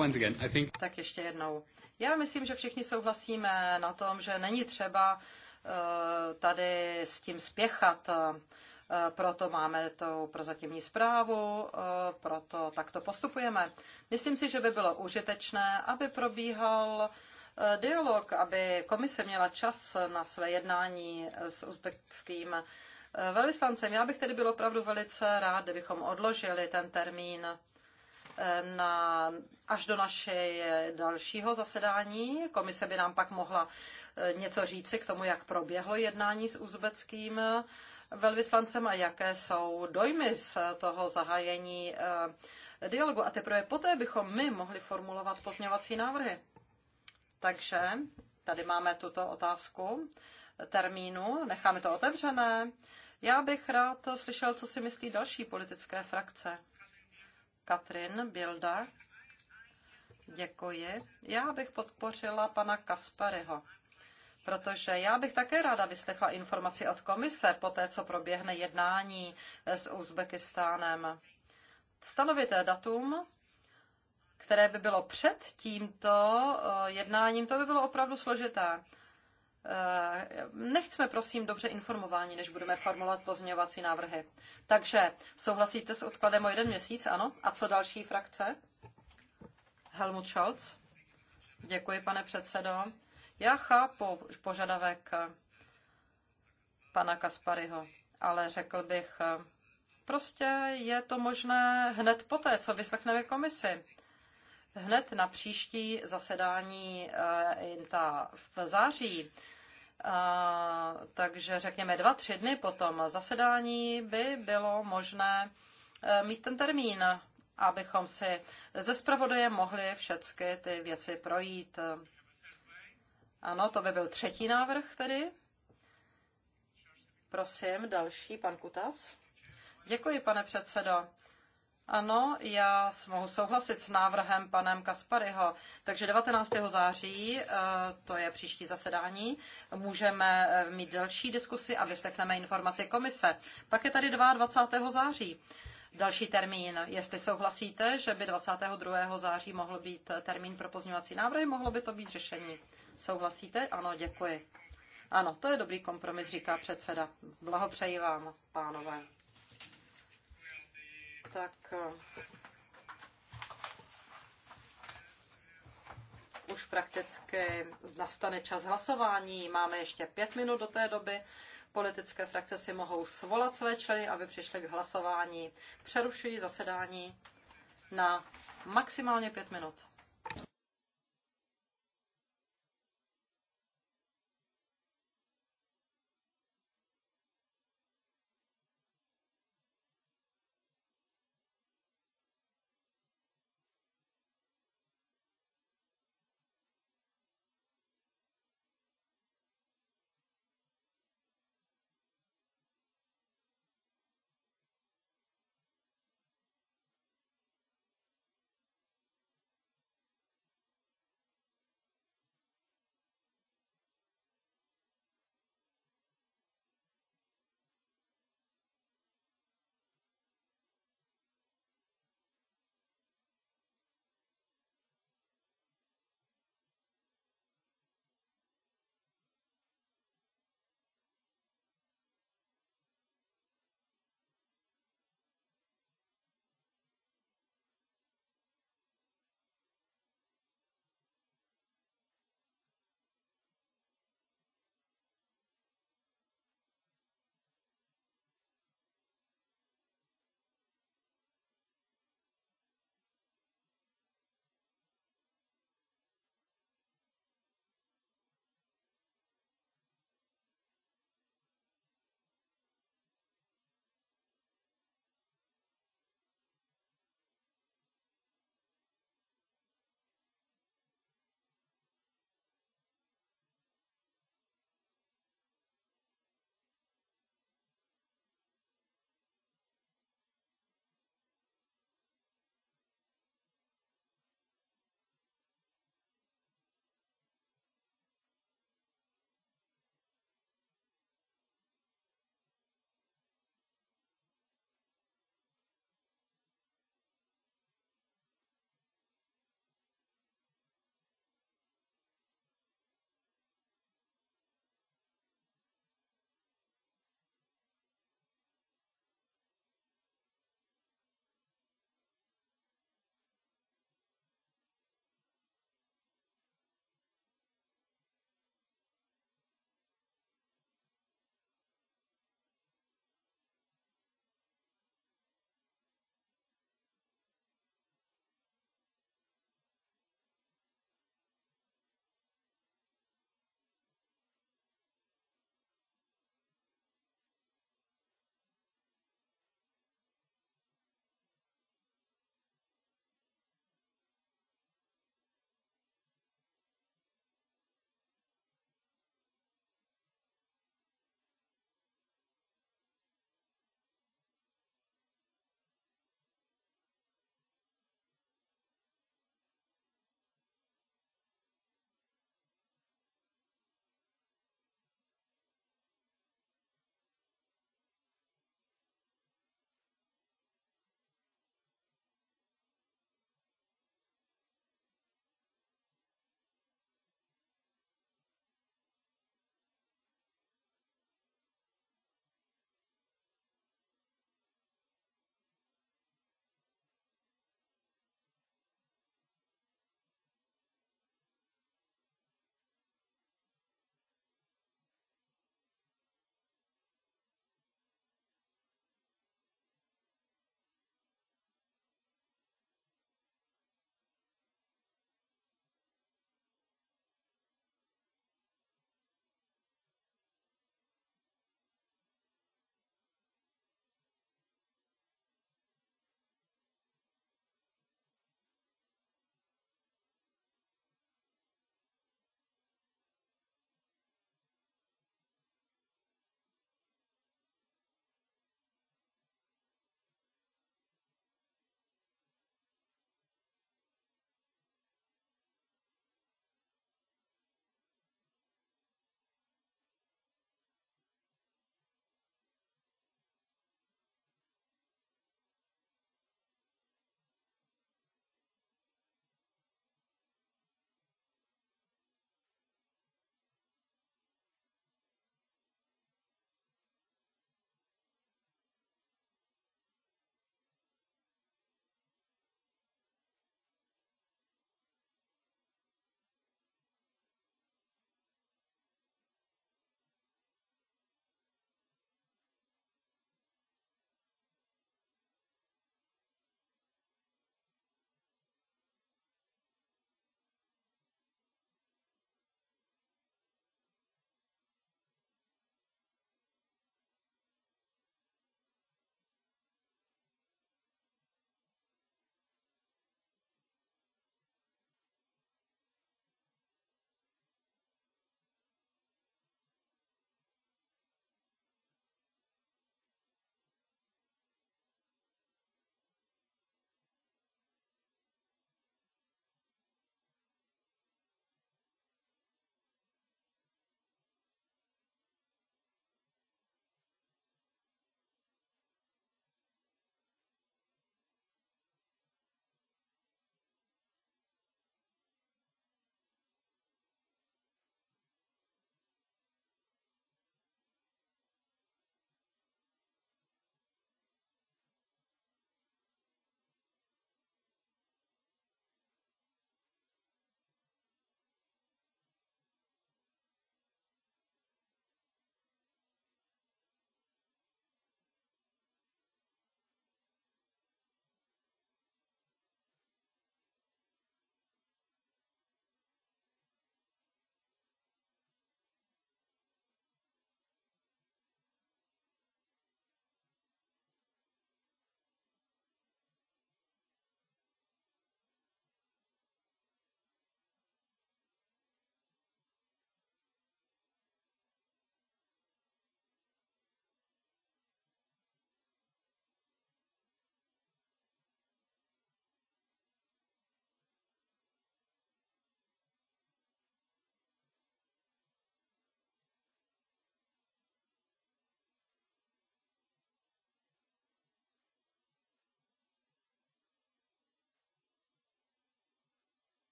once again, I think... Tak ještě jednou. Já myslím, že všichni souhlasíme na tom, že není třeba eh, tady s tím spěchat. Eh, proto máme tu prozatímní zprávu, eh, proto takto postupujeme. Myslím si, že by bylo užitečné, aby probíhal eh, dialog, aby komise měla čas na své jednání s uzbekským velvyslancem. Já bych tedy byl opravdu velice rád, kdybychom odložili ten termín na, až do naše dalšího zasedání. Komise by nám pak mohla něco říci k tomu, jak proběhlo jednání s uzbeckým velvyslancem a jaké jsou dojmy z toho zahájení eh, dialogu. A teprve poté bychom my mohli formulovat pozměňovací návrhy. Takže tady máme tuto otázku termínu, necháme to otevřené. Já bych rád slyšel, co si myslí další politické frakce. Katrin Bilda. Děkuji. Já bych podpořila pana Kasparyho protože já bych také ráda vyslechla informaci od komise po té, co proběhne jednání eh, s Uzbekistánem. Stanovit eh, datum, které by bylo před tímto eh, jednáním, to by bylo opravdu složité. Nechceme, prosím, dobře informování, než budeme formulovat pozměňovací návrhy. Takže souhlasíte s odkladem o jeden měsíc, ano? A co další frakce? Helmut Scholz. Děkuji, pane předsedo. Já chápu požadavek pana Kaspariho, ale řekl bych, prostě je to možné hned poté, co vyslechneme komisi. Hned na příští zasedání eh, INTA v září a, eh, takže řekněme dva, tři dny potom zasedání by bylo možné eh, mít ten termín, abychom si ze zpravodaje mohli všechny ty věci projít. Ano, to by byl třetí návrh tedy. Prosím, další, pan Kutas. Děkuji, pane předsedo. Ano, já mohu souhlasit s návrhem panem Kasparyho. Takže 19. září, eh, to je příští zasedání, můžeme eh, mít další diskusi a vyslechneme informaci komise. Pak je tady 22. září. Další termín, jestli souhlasíte, že by 22. září mohl být termín pro pozměňovací návrhy, mohlo by to být řešení. Souhlasíte? Ano, děkuji. Ano, to je dobrý kompromis, říká předseda. Blahopřeji vám, pánové. Tak eh, už prakticky nastane čas hlasování. Máme ještě pět minut do té doby. Politické frakce si mohou svolat své členy, aby přišli k hlasování. Přerušují zasedání na maximálně pět minut.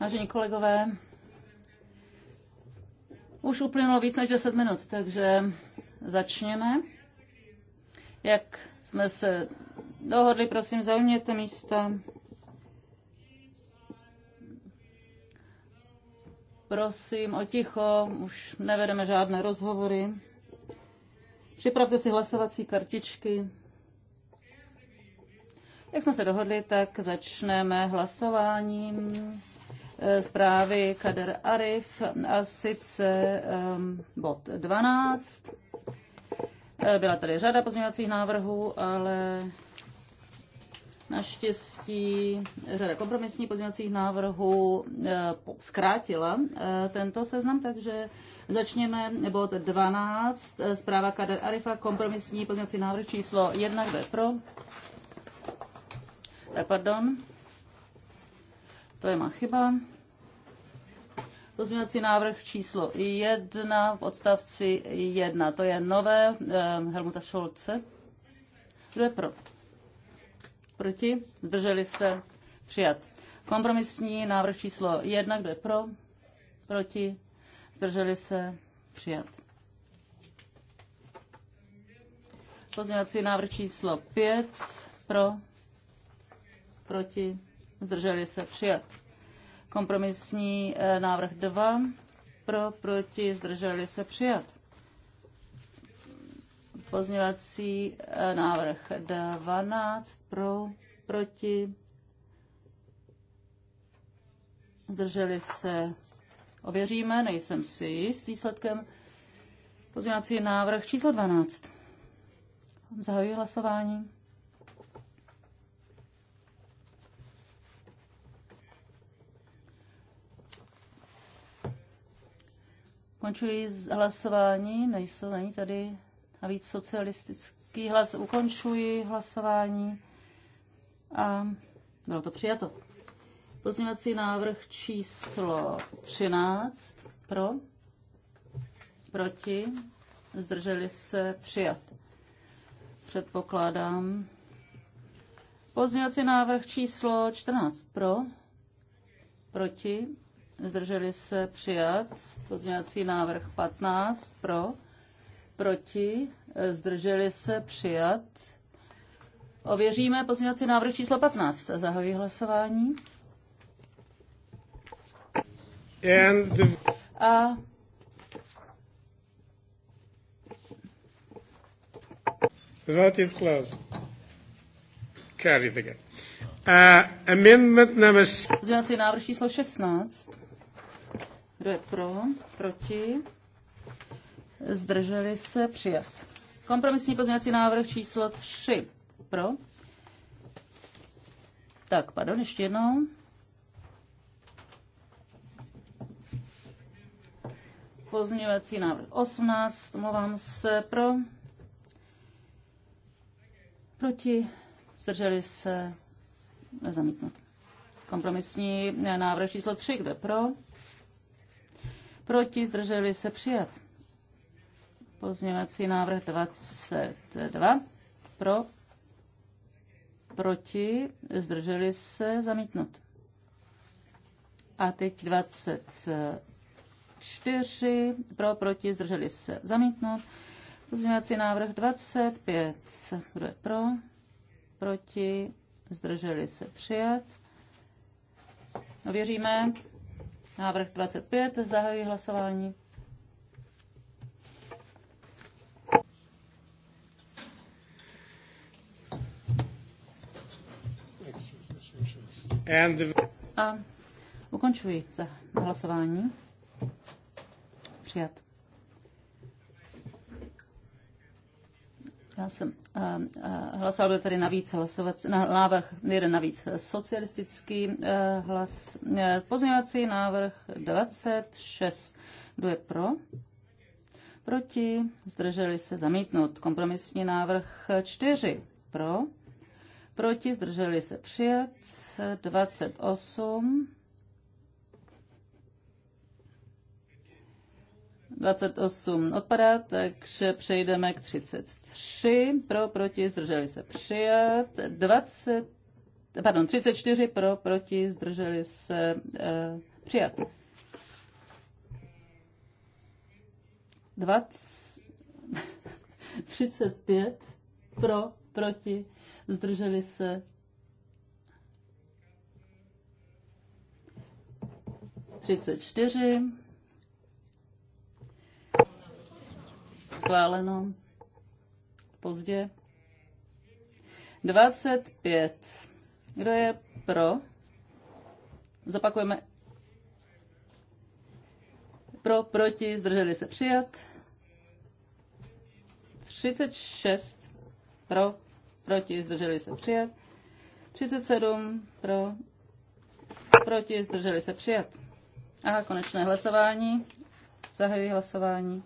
Vážení kolegové, už uplynulo více než 10 minut, takže začněme. Jak jsme se dohodli, prosím, zaujměte místa. Prosím o ticho, už nevedeme žádné rozhovory. Připravte si hlasovací kartičky. Jak jsme se dohodli, tak začneme hlasováním eh, zprávy Kader Arif a sice um, bod 12. Eh, byla tady řada pozměňovacích návrhů, ale naštěstí řada kompromisních pozměňovacích návrhů eh, zkrátila tento seznam, takže začněme bod 12, zpráva Kader Arifa, kompromisní pozměňovací návrh číslo 1, kde pro, tak eh, pardon. To je má chyba. Pozměňovací návrh číslo 1 v odstavci 1. To je nové eh, Helmuta Šolce. Kdo je pro? Proti? Zdrželi se? Přijat. Kompromisní návrh číslo 1. Kdo je pro? Proti? Zdrželi se? Přijat. Pozměňovací návrh číslo 5. Pro? proti, zdrželi se přijat. Kompromisní eh, návrh 2, pro, proti, zdrželi se přijat. Pozněvací eh, návrh 12, pro, proti, zdrželi se, ověříme, nejsem si jist výsledkem. Pozměňovací návrh číslo 12. Zahajuji hlasování. ukončuji hlasování, nejsou, ani tady navíc socialistický hlas. Ukončuji hlasování a bylo to přijato. Pozměňovací návrh číslo 13 pro, proti, zdrželi se přijat. Předpokládám. Pozměňovací návrh číslo 14 pro, proti, zdrželi se přijat. Pozměňovací návrh 15 pro, proti, zdrželi se přijat. Ověříme pozměňovací návrh číslo 15. Zahajuji hlasování. And... A That is close. it again. Uh, amendment number... Zvědací návrh číslo 16. Kdo je pro? Proti? Zdrželi se? Přijat. Kompromisní pozměňovací návrh číslo 3. Pro? Tak, pardon, ještě jednou. Pozměňovací návrh 18, mluvám se pro, proti, zdrželi se, zamítnout. Kompromisní návrh číslo 3, kde pro, proti, zdrželi se přijat. Pozměňovací návrh 22 pro, proti, zdrželi se zamítnut. A teď 24 pro, proti, zdrželi se zamítnut. Pozměňovací návrh 25, kdo je pro, proti, zdrželi se přijat. Věříme, Návrh 25, zahajuji hlasování. A ukončuji za hlasování. Přijat. Já jsem eh, eh, hlasoval, byl tady navíc hlasovat na návrh, jeden navíc socialistický eh, hlas. Pozměňovací návrh 26. Kdo je pro? Proti? Zdrželi se zamítnout. Kompromisní návrh 4. Pro? Proti? Zdrželi se přijat. 28. 28 odpadá, takže přejdeme k 33. Pro, proti, zdrželi se přijat. 20, pardon, 34 pro, proti, zdrželi se eh, přijat. 20, 35 pro, proti, zdrželi se 34 Schváleno. Pozdě. 25. Kdo je pro? Zapakujeme. Pro, proti, zdrželi se přijat. 36. Pro, proti, zdrželi se přijat. 37. Pro, proti, zdrželi se přijat. A konečné hlasování. Zahajuji hlasování.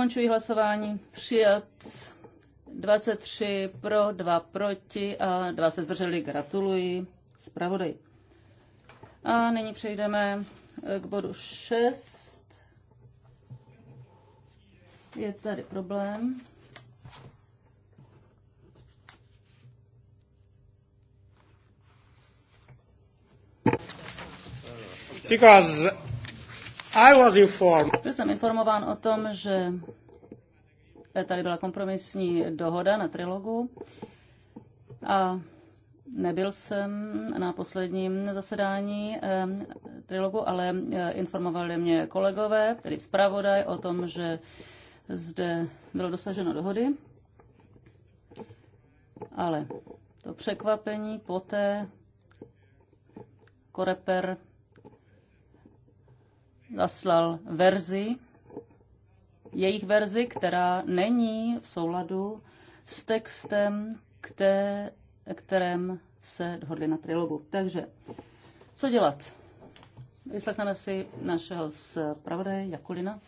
Ukončuji hlasování. Přijat 23 pro, 2 proti a 2 se zdrželi. Gratuluji. Zpravodaj. A nyní přejdeme eh, k bodu 6. Je tady problém. Because i was informed. Byl jsem informován o tom, že tady byla kompromisní dohoda na trilogu a nebyl jsem na posledním zasedání eh, trilogu, ale eh, informovali mě kolegové, tedy zpravodaj, o tom, že zde bylo dosaženo dohody. Ale to překvapení poté Koreper zaslal verzi, jejich verzi, která není v souladu s textem, které, kterém se dohodli na trilogu. Takže, co dělat? Vyslechneme si našeho zpravodaje Jakulina.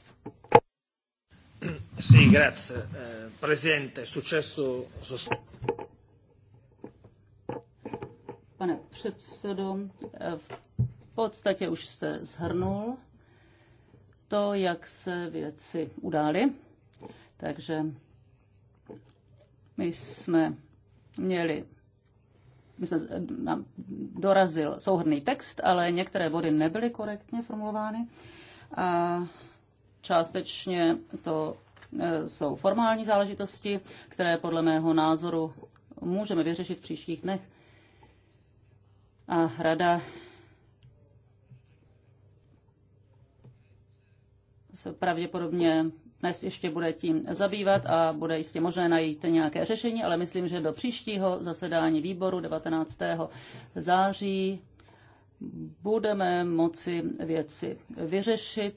Sì, grazie. Eh, Presidente, successo... Pane předsedo, eh, v podstatě už jste zhrnul to, jak se věci udály. Takže my jsme měli my jsme, nám dorazil souhrný text, ale některé body nebyly korektně formulovány a částečně to e, jsou formální záležitosti, které podle mého názoru můžeme vyřešit v příštích dnech. A rada se pravděpodobně dnes ještě bude tím zabývat a bude jistě možné najít nějaké řešení, ale myslím, že do příštího zasedání výboru 19. září budeme moci věci vyřešit,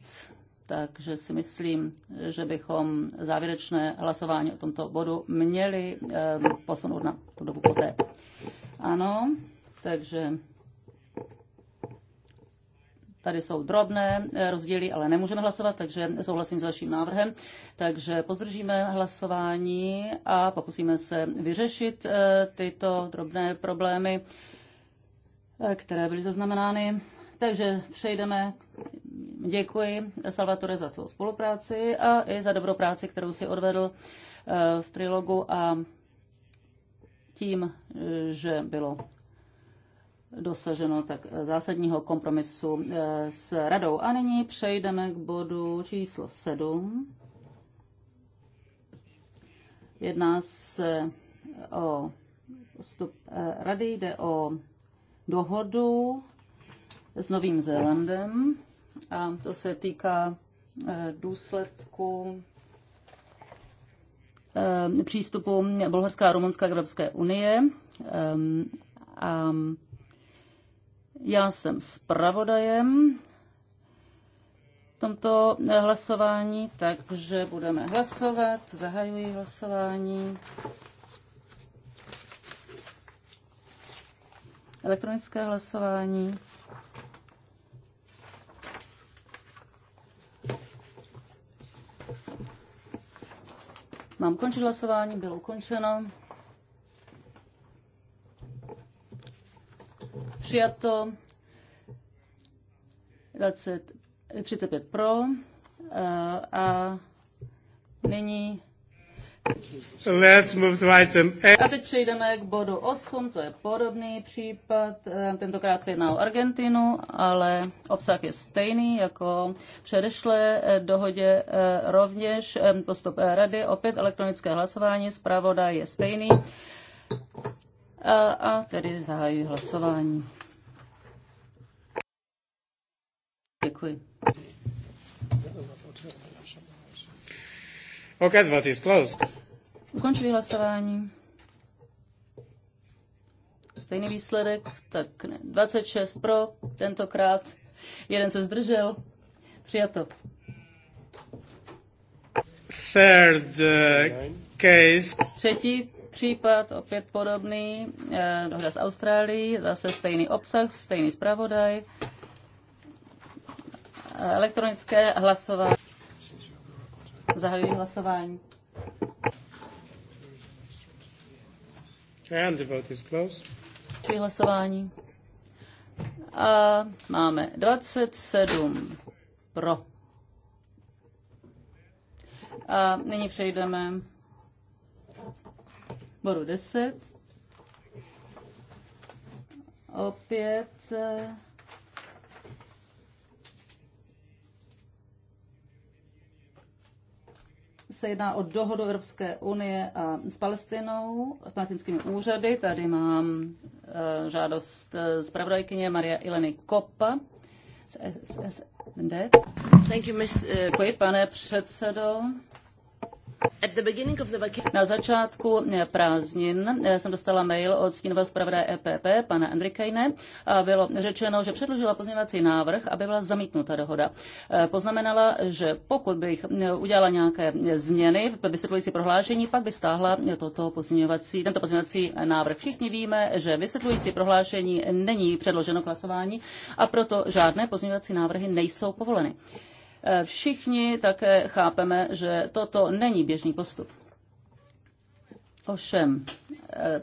takže si myslím, že bychom závěrečné hlasování o tomto bodu měli eh, posunout na tu dobu poté. Ano, takže Tady jsou drobné eh, rozdíly, ale nemůžeme hlasovat, takže souhlasím s vaším návrhem. Takže pozdržíme hlasování a pokusíme se vyřešit eh, tyto drobné problémy, eh, které byly zaznamenány. Takže přejdeme. Děkuji Salvatore za tvou spolupráci a i za dobrou práci, kterou si odvedl v trilogu a tím, že bylo dosaženo tak zásadního kompromisu eh, s radou. A nyní přejdeme k bodu číslo 7. Jedná se o postup eh, rady, jde o dohodu s Novým Zélandem a to se týká eh, důsledku přístupu bulharská a Rumunská Evropské unie. Ehm, a já jsem zpravodajem v tomto eh, hlasování, takže budeme hlasovat. Zahajuji hlasování. Elektronické hlasování. Mám končit hlasování, bylo ukončeno. přijato 20, 35 pro eh, a nyní Let's move to item A teď přejdeme k bodu 8, to je podobný případ, eh, tentokrát se jedná o Argentinu, ale obsah je stejný jako předešlé eh, dohodě rovněž postup rady, opět elektronické hlasování, zpravodaj je stejný a, a tedy zahajuji hlasování. Děkuji. Okay, the vote is closed. Ukončili hlasování. Stejný výsledek, tak ne, 26 pro, tentokrát jeden se zdržel. Přijato. Third uh, case. Třetí případ, opět podobný, eh, dohoda z Austrálie, zase stejný obsah, stejný zpravodaj. Elektronické hlasování. Zahajuji hlasování. And the vote is closed. Při hlasování. A máme 27 pro. A nyní přejdeme bodu 10. Opět eh, se jedná o dohodu Evropské unie a s Palestinou, s palestinskými úřady. Tady mám uh, žádost eh, zpravodajkyně Maria Ileny Kopa z SND. Eh, Děkuji, pane předsedo. Na začátku eh, prázdnin eh, jsem dostala mail od stínového zpravodaje EPP, pana Enrikejne, a bylo řečeno, že předložila pozměňovací návrh, aby byla zamítnuta dohoda. Eh, poznamenala, že pokud bych udělala nějaké změny v vysvětlující prohlášení, pak by stáhla toto pozměňovací, tento pozměňovací návrh. Všichni víme, že vysvětlující prohlášení není předloženo k hlasování a proto žádné pozměňovací návrhy nejsou povoleny. Eh, všichni také chápeme, že toto není běžný postup. Ovšem, eh,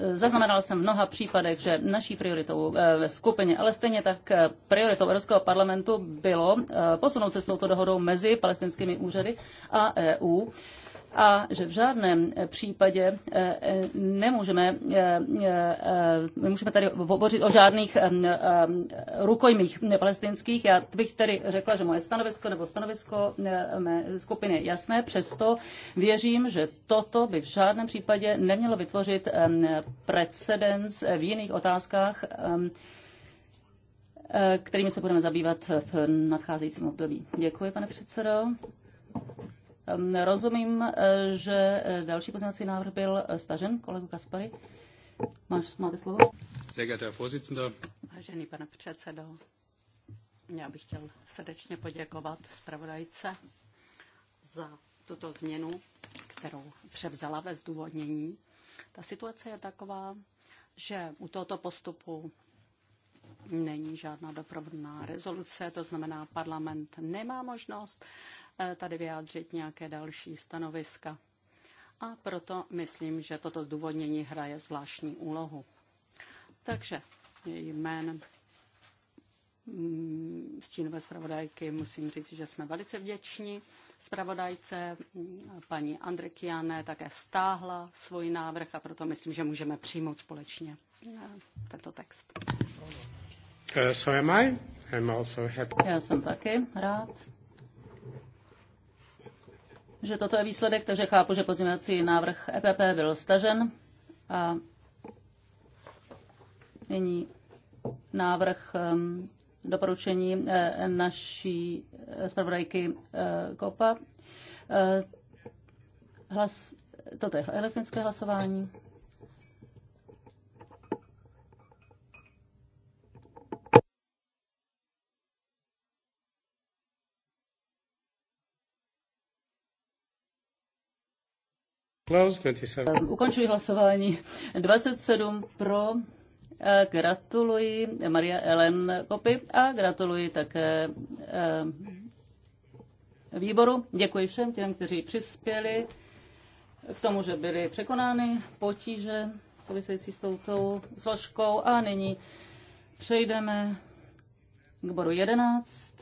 Zaznamenal jsem v mnoha případech, že naší prioritou eh, ve skupině, ale stejně tak prioritou Evropského parlamentu bylo posunout se s touto dohodou mezi palestinskými úřady a EU a že v žádném eh, případě eh, eh, nemůžeme nemůžeme tady hovořit o žádných rukojmích palestinských. Já bych tedy řekla, že moje stanovisko nebo stanovisko mé skupiny je jasné, přesto věřím, že toto by v žádném případě nemělo vytvořit precedens v jiných otázkách, kterými se budeme zabývat v nadcházejícím období. Děkuji, pane předsedo. Rozumím, eh, že eh, další pozměňovací návrh byl eh, stažen. Kolegu Kaspary, máš, máte slovo? Vážený pane předsedo, já bych chtěl srdečně poděkovat zpravodajce za tuto změnu, kterou převzala ve zdůvodnění. Ta situace je taková, že u tohoto postupu není žádná doprovodná rezoluce, to znamená, parlament nemá možnost Eh, tady vyjádřit nějaké další stanoviska. A proto myslím, že toto zdůvodnění hraje zvláštní úlohu. Takže jménem mm, stínové zpravodajky musím říct, že jsme velice vděční. Zpravodajce mm, paní Andrekiane také stáhla svůj návrh a proto myslím, že můžeme přijmout společně eh, tento text. Eh, so am I. I'm also happy. Já jsem taky rád, že toto je výsledek, takže chápu, že pozměňovací návrh EPP byl stažen a nyní návrh ehm, doporučení eh, naší eh, zpravodajky eh, KOPA. Hlas, toto je elektronické hlasování. 27. Ehm, ukončuji hlasování. 27 pro. Eh, gratuluji Maria Ellen Kopy a gratuluji také eh, výboru. Děkuji všem těm, kteří přispěli k tomu, že byly překonány potíže související s touto složkou. A nyní přejdeme k bodu 11.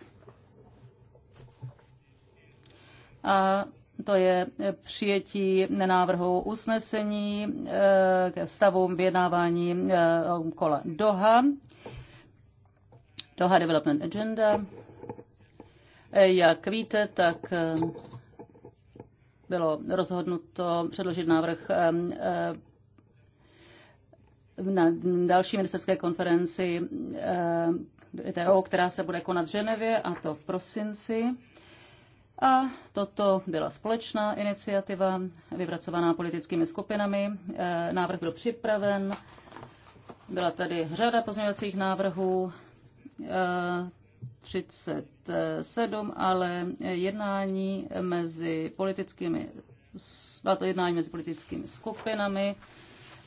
A to je přijetí návrhu usnesení eh, k stavům vyjednávání eh, kola Doha. Doha Development Agenda. Eh, jak víte, tak bylo rozhodnuto předložit návrh na další ministerské konferenci VTO, která se bude konat v Ženevě, a to v prosinci. A toto byla společná iniciativa vyvracovaná politickými skupinami. E, návrh byl připraven, byla tady řada pozměňovacích návrhů, 37, e, ale jednání mezi politickými, byla to jednání mezi politickými skupinami,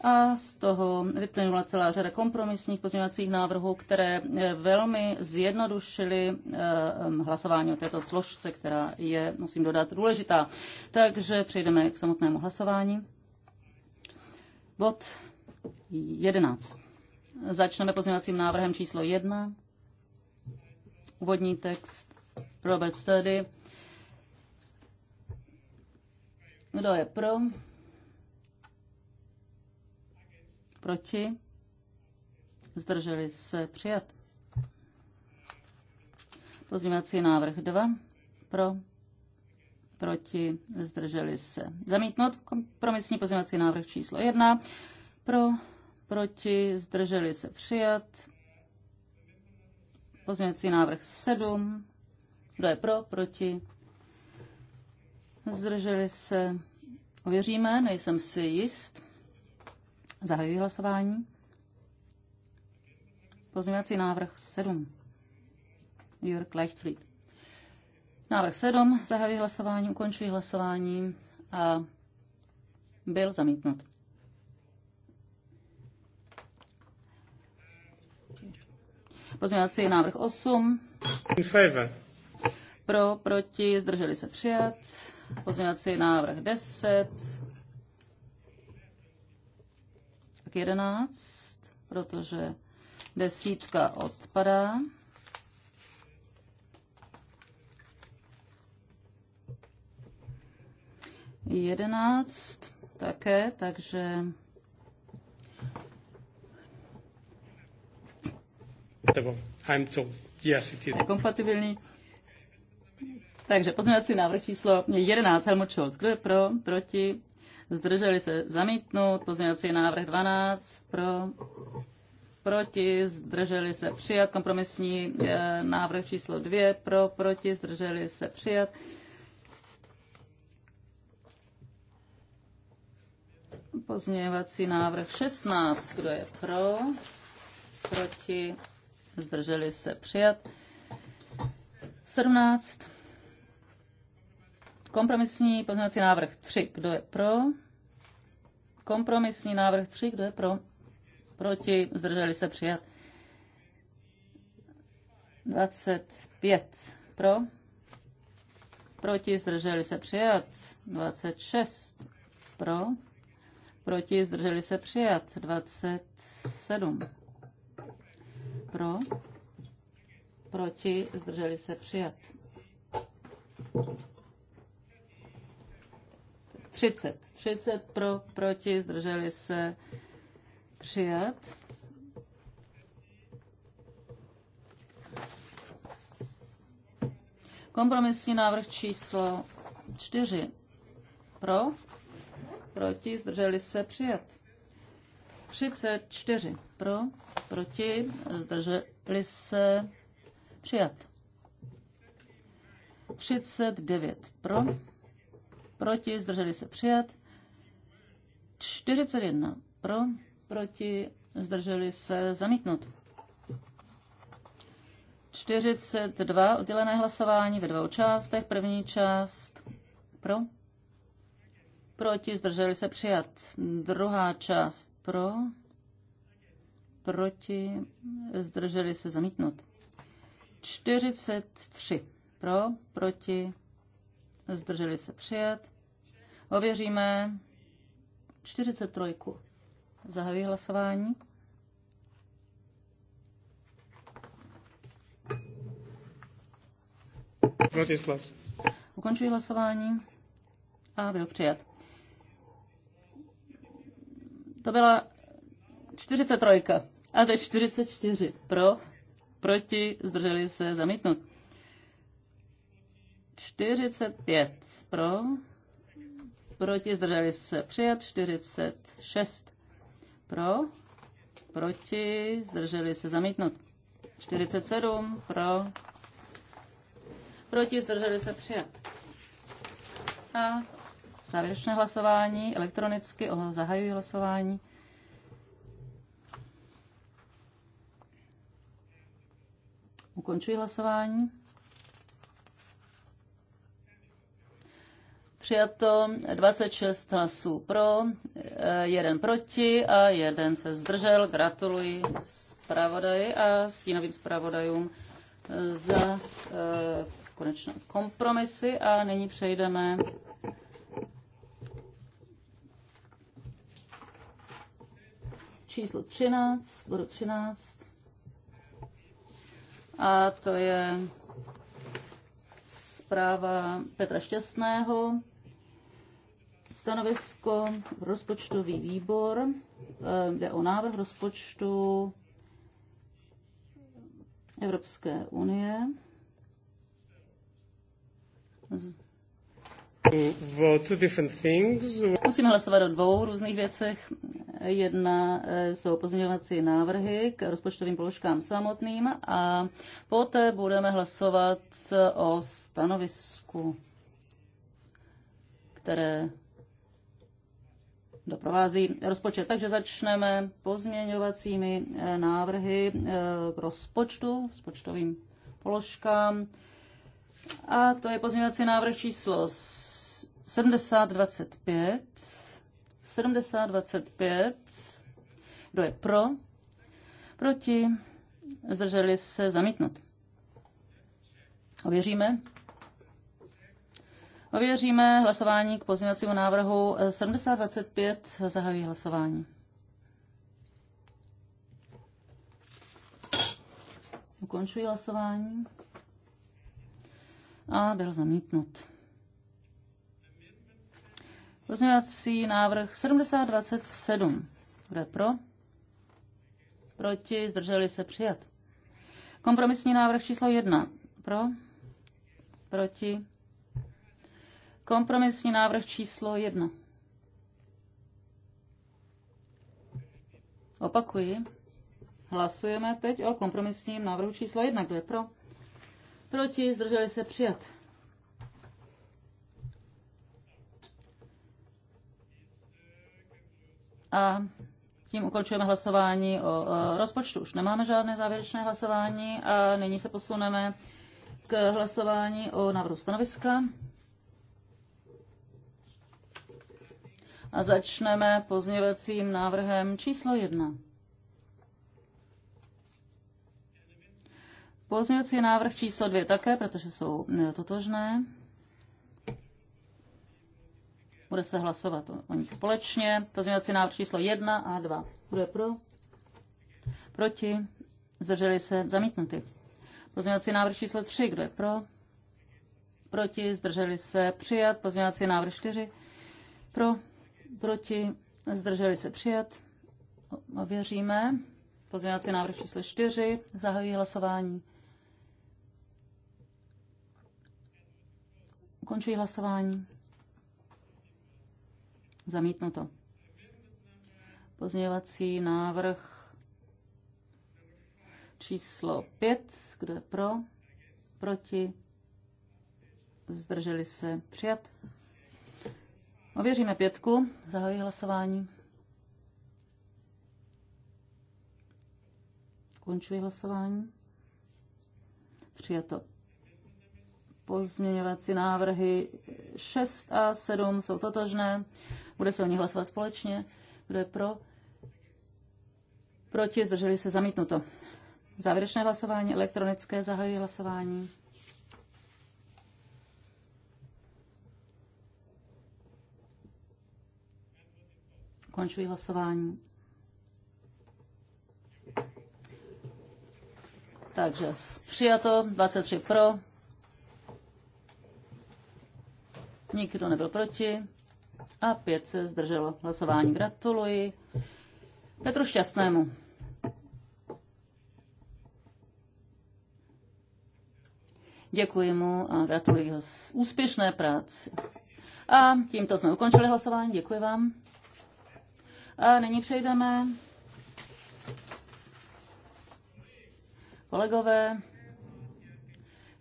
a z toho vyplynula celá řada kompromisních pozměňovacích návrhů, které eh, velmi zjednodušily eh, hlasování o této složce, která je, musím dodat, důležitá. Takže přejdeme k samotnému hlasování. Bod 11. Začneme pozměňovacím návrhem číslo 1. Úvodní text Robert Sturdy. Kdo je pro? Proti? Zdrželi se přijat. Pozměňovací návrh 2. Pro? Proti? Zdrželi se zamítnout. Kompromisní pozměňovací návrh číslo 1. Pro? Proti? Zdrželi se přijat. Pozměňovací návrh 7. Kdo je pro? Proti? Zdrželi se. Ověříme, nejsem si jist. Zahajuji hlasování. Pozměňovací návrh 7. Jörg Leichtfried. Návrh 7. Zahajuji hlasování, ukončuji hlasování a byl zamítnut. Pozměňovací návrh 8. In favor. Pro, proti, zdrželi se přijat. Pozměňovací návrh 10 tak 11, protože desítka odpadá. Jedenáct také, takže I'm Yes, it is. kompatibilní. Takže pozměňovací návrh číslo 11 Helmut Scholz. Kdo je pro, proti, zdrželi se zamítnout, pozměňovací návrh 12 pro, proti, zdrželi se přijat, kompromisní eh, návrh číslo 2 pro, proti, zdrželi se přijat. Pozměňovací návrh 16, kdo je pro, proti, zdrželi se přijat. 17 Kompromisní pozměňovací návrh 3. Kdo je pro? Kompromisní návrh 3. Kdo je pro? Proti? Zdrželi se přijat. 25 pro. Proti? Zdrželi se přijat. 26 pro. Proti? Zdrželi se přijat. 27 pro. Proti? Zdrželi se přijat. 30. 30 pro, proti, zdrželi se přijat. Kompromisní návrh číslo 4. Pro, proti, zdrželi se přijat. 34 pro, proti, zdrželi se přijat. 39 pro, proti, zdrželi se přijat. 41 pro, proti, zdrželi se zamítnut. 42 oddělené hlasování ve dvou částech. První část pro, proti, zdrželi se přijat. Druhá část pro, proti, zdrželi se zamítnut. 43 pro, proti, zdrželi se přijet. Ověříme 43. Zahajuji hlasování. Ukončuji hlasování a byl přijat. To byla 43. A teď 44. Pro, proti, zdrželi se, zamítnut. 45 pro, proti, zdrželi se přijat, 46 pro, proti, zdrželi se zamítnout, 47 pro, proti, zdrželi se přijat. A závěrečné hlasování elektronicky, o, zahajuji hlasování. Ukončuji hlasování. Přijato 26 hlasů pro, eh, jeden proti a jeden se zdržel. Gratuluji zpravodaji a stínovým zpravodajům eh, za eh, konečné kompromisy a nyní přejdeme číslo 13, bodu 13. A to je zpráva Petra Šťastného Stanovisko rozpočtový výbor, eh, jde o návrh rozpočtu Evropské unie. Musíme hlasovat o dvou různých věcech. Jedna eh, jsou pozměňovací návrhy k rozpočtovým položkám samotným a poté budeme hlasovat o stanovisku, které doprovází rozpočet. Takže začneme pozměňovacími eh, návrhy eh, k rozpočtu, rozpočtovým položkám. A to je pozměňovací návrh číslo 7025. 7025. Kdo je pro? Proti? Zdrželi se zamítnout. Ověříme. Ověříme hlasování k pozměňovacímu návrhu 7025. Eh, Zahajuji hlasování. Ukončuji hlasování. A byl zamítnut. Pozměňovací návrh 7027. Kdo je pro? Proti? Zdrželi se přijat. Kompromisní návrh číslo 1. Pro? Proti? Kompromisní návrh číslo jedna. Opakuji. Hlasujeme teď o kompromisním návrhu číslo jedna. Kdo je pro? Proti? Zdrželi se přijat. A tím ukončujeme hlasování o rozpočtu. Už nemáme žádné závěrečné hlasování a nyní se posuneme k hlasování o návrhu stanoviska. a začneme pozměvacím návrhem číslo 1. Pozměvací návrh číslo 2 také, protože jsou totožné. Bude se hlasovat o, o nich společně. Pozměňovací návrh číslo 1 a 2. Bude pro? Proti? Zdrželi se? Zamítnuty. Pozměňovací návrh číslo 3. Kdo je pro? Proti? Zdrželi se? Přijat. Pozměňovací návrh 4. Pro? proti, zdrželi se přijat. Ověříme. Pozměňovací návrh číslo 4. Zahajuji hlasování. Ukončuji hlasování. Zamítnuto. Pozměňovací návrh číslo 5. Kdo je pro? Proti? Zdrželi se přijat. Ověříme pětku, zahajuji hlasování. Končuji hlasování. Přijato. Pozměňovací návrhy 6 a 7 jsou totožné. Bude se o nich hlasovat společně. Kdo je pro? Proti? Zdrželi se? Zamítnuto. Závěrečné hlasování elektronické. Zahajuji hlasování. Ukončuji hlasování. Takže přijato, 23 pro. Nikdo nebyl proti. A pět se zdrželo hlasování. Gratuluji Petru Šťastnému. Děkuji mu a gratuluji z úspěšné práci. A tímto jsme ukončili hlasování. Děkuji vám. A nyní přejdeme. Kolegové,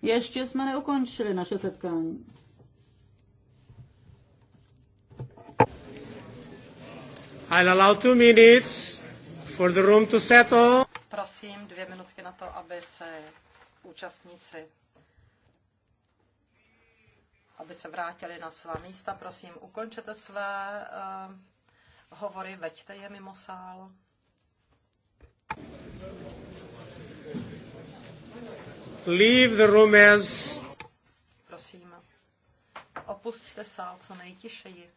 ještě jsme neukončili naše setkání. I'll allow two minutes for the room to settle. Prosím dvě minutky na to, aby se účastníci aby se vrátili na svá místa. Prosím, ukončete své uh, hovory veďte je mimo sál. Leave the room as... Prosím, opustte sál co nejtišeji.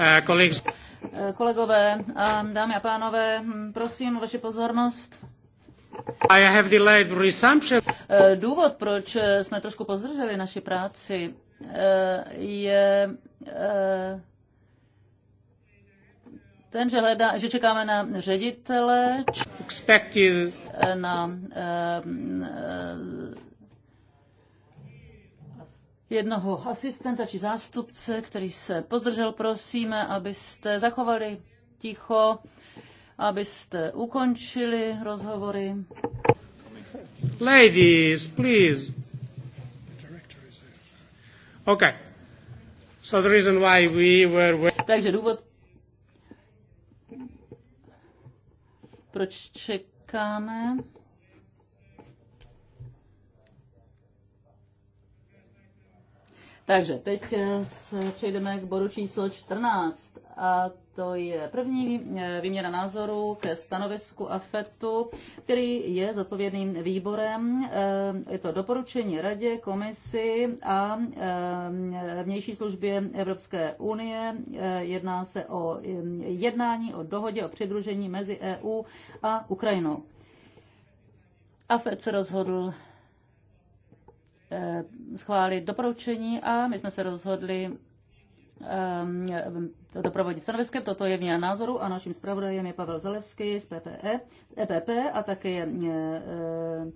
Eh, eh, kolegové, eh, dámy a pánové, hm, prosím vaši pozornost. I have delayed resumption. Důvod, proč jsme trošku pozdrželi naši práci, je ten, že, hledá, že čekáme na ředitele, na jednoho asistenta či zástupce, který se pozdržel. Prosíme, abyste zachovali ticho, abyste ukončili rozhovory. Ladies, please. Okay. So the reason why we were... Takže důvod, proč čekáme. Takže teď eh, přejdeme k bodu číslo 14 a to je první eh, výměna názoru ke stanovisku AFETu, který je zodpovědným výborem. Eh, je to doporučení radě, komisi a vnější službě Evropské unie. Jedná se o jednání o dohodě o přidružení mezi EU a Ukrajinou. AFET se rozhodl Eh, schválit doporučení a my jsme se rozhodli eh, to doprovodit stanoviskem. Toto je měna názoru a naším zpravodajem je Pavel Zalevský z PPE, EPP a také je eh,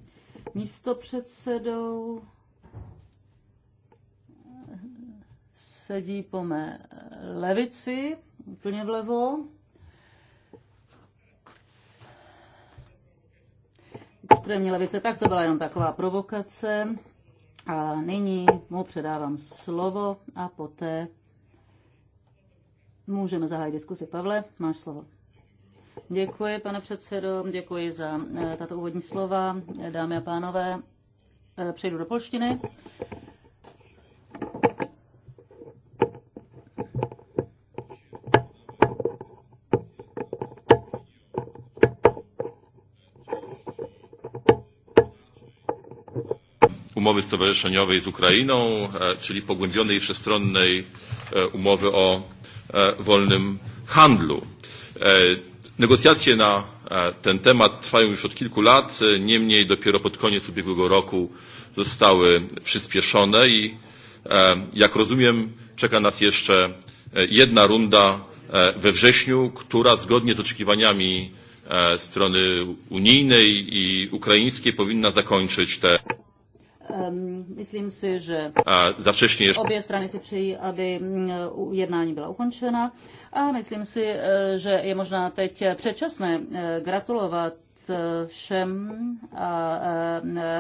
místopředsedou sedí po mé levici, úplně vlevo. Extrémní levice, tak to byla jenom taková provokace. A nyní mu předávám slovo a poté můžeme zahájit diskusi. Pavle, máš slovo. Děkuji, pane předsedo, děkuji za eh, tato úvodní slova. Dámy a pánové, eh, přejdu do polštiny. umowy stowarzyszeniowej z Ukrainą, e, czyli pogłębionej wszechstronnej e, umowy o e, wolnym handlu. Negocjacje na ten temat trwają już od kilku lat, niemniej dopiero pod koniec ubiegłego roku zostały przyspieszone i jak rozumiem czeka nas jeszcze jedna runda we wrześniu, która zgodnie z oczekiwaniami strony unijnej i ukraińskiej powinna zakończyć te Ehm, myslím si, že za ještě... obě strany si přejí, aby mm, jednání byla ukončena a myslím si, eh, že je možná teď předčasné eh, gratulovat eh, všem a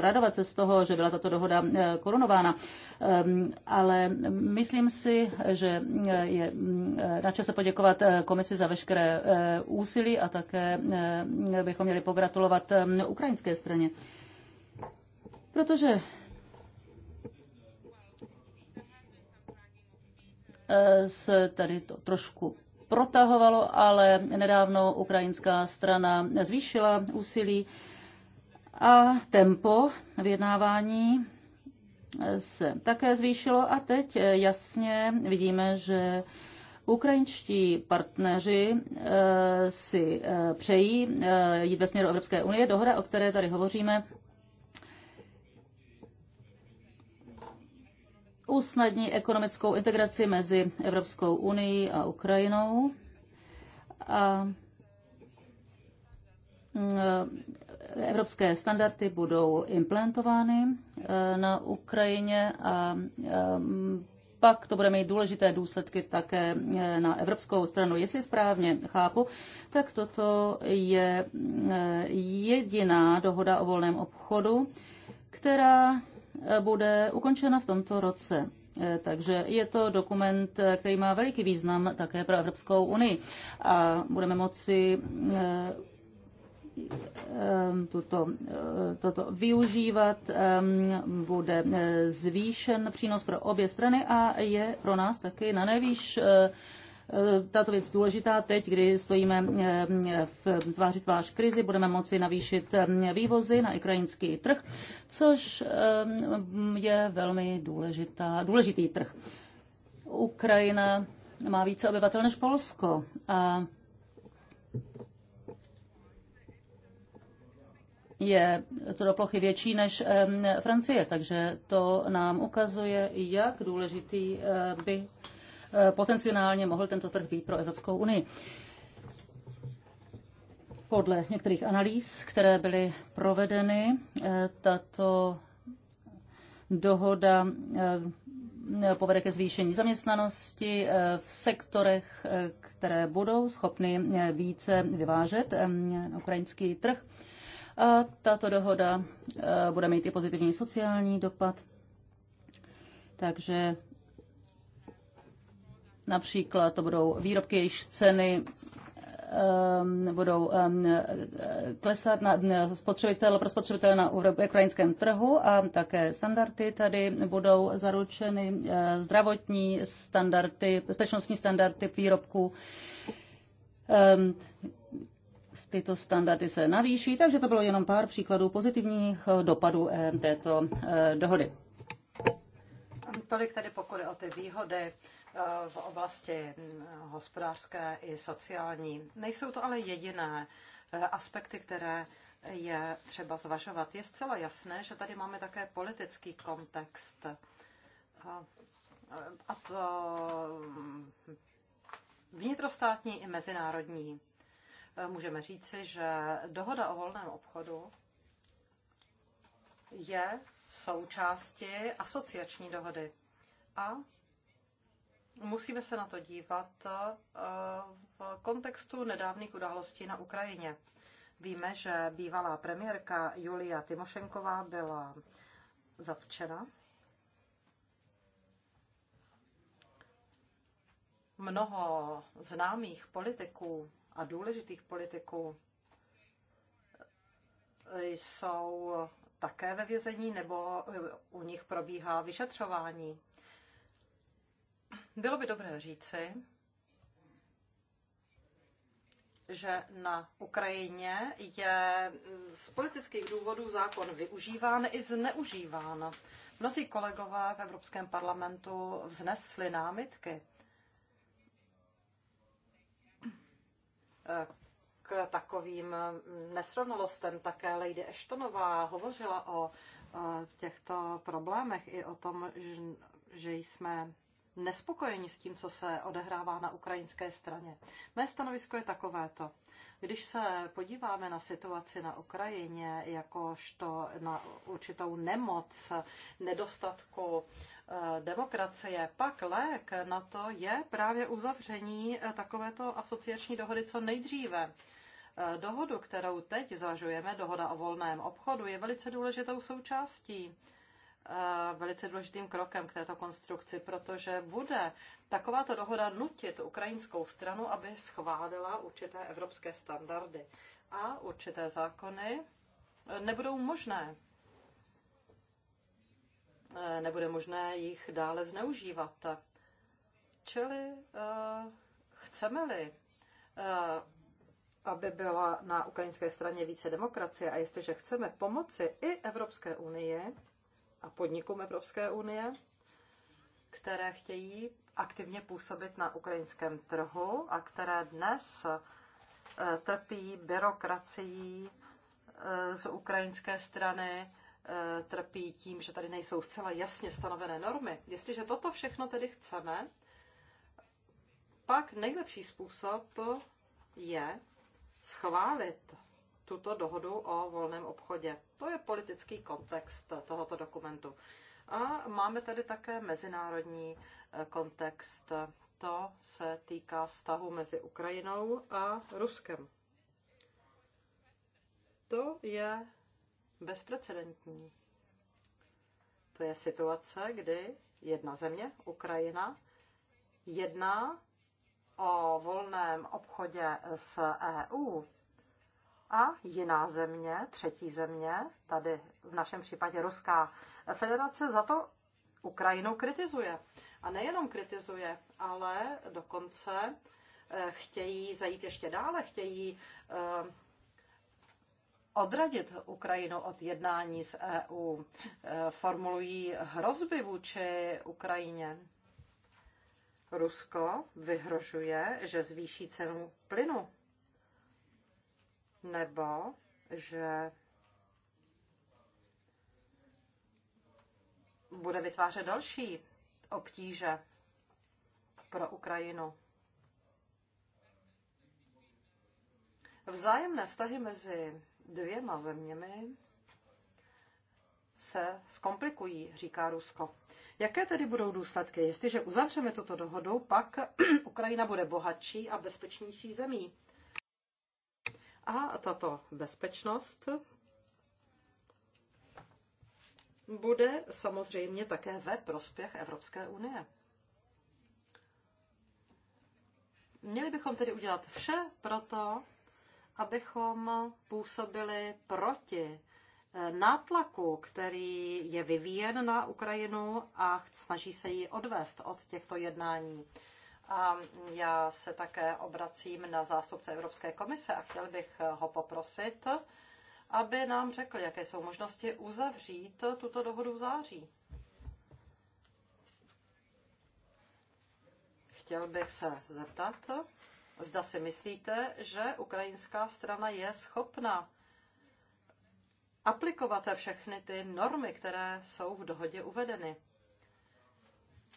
radovat se z toho, že byla tato dohoda korunována. Ehm, ale myslím si, že je mm, na čase poděkovat komisi za veškeré úsilí a také bychom měli pogratulovat ehm, ukrajinské straně protože eh, se tady to trošku protahovalo, ale nedávno ukrajinská strana zvýšila úsilí a tempo vyjednávání eh, se také zvýšilo a teď eh, jasně vidíme, že ukrajinští partneři si přejí jít ve směru Evropské unie. Dohoda, o které tady hovoříme, usnadní ekonomickou integraci mezi Evropskou unii a Ukrajinou. A mm, evropské standardy budou implementovány e, na Ukrajině a e, pak to bude mít důležité důsledky také e, na evropskou stranu. Jestli správně chápu, tak toto je jediná dohoda o volném obchodu, která Eh, bude ukončena v tomto roce. Eh, takže je to dokument, eh, který má veliký význam také pro Evropskou unii a budeme moci tuto, toto využívat, bude zvýšen přínos pro obě strany a je pro nás taky na nejvýš Eh, tato věc důležitá teď, kdy stojíme eh, v tváři tvář krizi, budeme moci navýšit eh, vývozy na ukrajinský trh, což je velmi důležitá, důležitý trh. Ukrajina má více obyvatel než Polsko a je co do plochy větší než Francie, takže to nám ukazuje, jak důležitý by Eh, potenciálně mohl tento trh být pro Evropskou unii. Podle některých analýz, které byly provedeny, eh, tato dohoda eh, povede ke zvýšení zaměstnanosti v sektorech, které budou schopny více vyvážet na ukrajinský trh. A tato dohoda bude mít i pozitivní sociální dopad. Takže Například to budou výrobky, jejichž ceny budou klesat na spotřebitel, pro spotřebitele na ukrajinském trhu a také standardy tady budou zaručeny eh, zdravotní standardy, bezpečnostní standardy výrobků. Tyto standardy se navýší, takže to bylo jenom pár příkladů pozitivních dopadů eh, této eh, dohody. Tolik tedy pokud o ty výhody Eh, v oblasti mm, hospodářské i sociální. Nejsou to ale jediné eh, aspekty, které je třeba zvažovat. Je zcela jasné, že tady máme také politický kontext. Eh, a to mm, vnitrostátní i mezinárodní. Můžeme říci, že dohoda o volném obchodu je součástí asociační dohody a Musíme se na to dívat eh, v kontextu nedávných událostí na Ukrajině. Víme, že bývalá premiérka Julia Timošenková byla zatčena. Mnoho známých politiků a důležitých politiků eh, jsou také ve vězení nebo u nich probíhá vyšetřování. Bylo by dobré říci, že na Ukrajině je z politických důvodů zákon využíván i zneužíván. Mnozí kolegové v Evropském parlamentu vznesli námitky k takovým nesrovnalostem. Také Lady Eštonová hovořila o těchto problémech i o tom, že jsme nespokojeni s tím, co se odehrává na ukrajinské straně. Mé stanovisko je takovéto. Když se podíváme na situaci na Ukrajině, jakožto na určitou nemoc, nedostatku eh, demokracie, pak lék na to je právě uzavření eh, takovéto asociační dohody co nejdříve. Eh, dohodu, kterou teď zvažujeme, dohoda o volném obchodu, je velice důležitou součástí velice důležitým krokem k této konstrukci, protože bude takováto dohoda nutit ukrajinskou stranu, aby schválila určité evropské standardy a určité zákony e, nebudou možné. E, nebude možné jich dále zneužívat. Čili e, chceme-li aby byla na ukrajinské straně více demokracie a jestliže chceme pomoci i Evropské unii, a podnikům Evropské unie, které chtějí aktivně působit na ukrajinském trhu a které dnes eh, trpí byrokracií eh, z ukrajinské strany, eh, trpí tím, že tady nejsou zcela jasně stanovené normy. Jestliže toto všechno tedy chceme, pak nejlepší způsob je schválit tuto dohodu o volném obchodě. To je politický kontext tohoto dokumentu. A máme tady také mezinárodní e, kontext. To se týká vztahu mezi Ukrajinou a Ruskem. To je bezprecedentní. To je situace, kdy jedna země, Ukrajina, jedná o volném obchodě s EU a jiná země, třetí země, tady v našem případě Ruská federace, za to Ukrajinu kritizuje. A nejenom kritizuje, ale dokonce eh, chtějí zajít ještě dále, chtějí eh, odradit Ukrajinu od jednání s EU, eh, formulují hrozby vůči Ukrajině. Rusko vyhrožuje, že zvýší cenu plynu nebo že bude vytvářet další obtíže pro Ukrajinu. Vzájemné vztahy mezi dvěma zeměmi se zkomplikují, říká Rusko. Jaké tedy budou důsledky? Jestliže uzavřeme tuto dohodu, pak Ukrajina bude bohatší a bezpečnější zemí. A tato bezpečnost bude samozřejmě také ve prospěch Evropské unie. Měli bychom tedy udělat vše pro to, abychom působili proti eh, nátlaku, který je vyvíjen na Ukrajinu a snaží se ji odvést od těchto jednání. A já se také obracím na zástupce Evropské komise a chtěl bych ho poprosit, aby nám řekl, jaké jsou možnosti uzavřít tuto dohodu v září. Chtěl bych se zeptat, zda si myslíte, že ukrajinská strana je schopna aplikovat všechny ty normy, které jsou v dohodě uvedeny.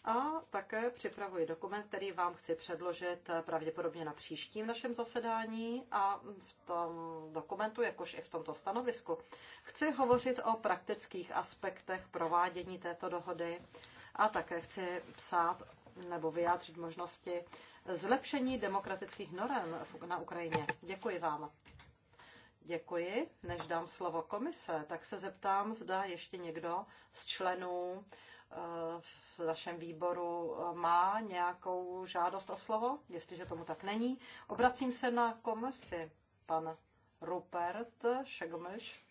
A také připravuji dokument, který vám chci předložit pravděpodobně na příštím našem zasedání a v tom dokumentu, jakož i v tomto stanovisku. Chci hovořit o praktických aspektech provádění této dohody a také chci psát nebo vyjádřit možnosti zlepšení demokratických norem na Ukrajině. Děkuji vám. Děkuji. Než dám slovo komise, tak se zeptám, zda ještě někdo z členů v našem výboru eh, má nějakou žádost o slovo? Jestliže tomu tak není, obracím se na komisi. Pan Rupert Šegmeš,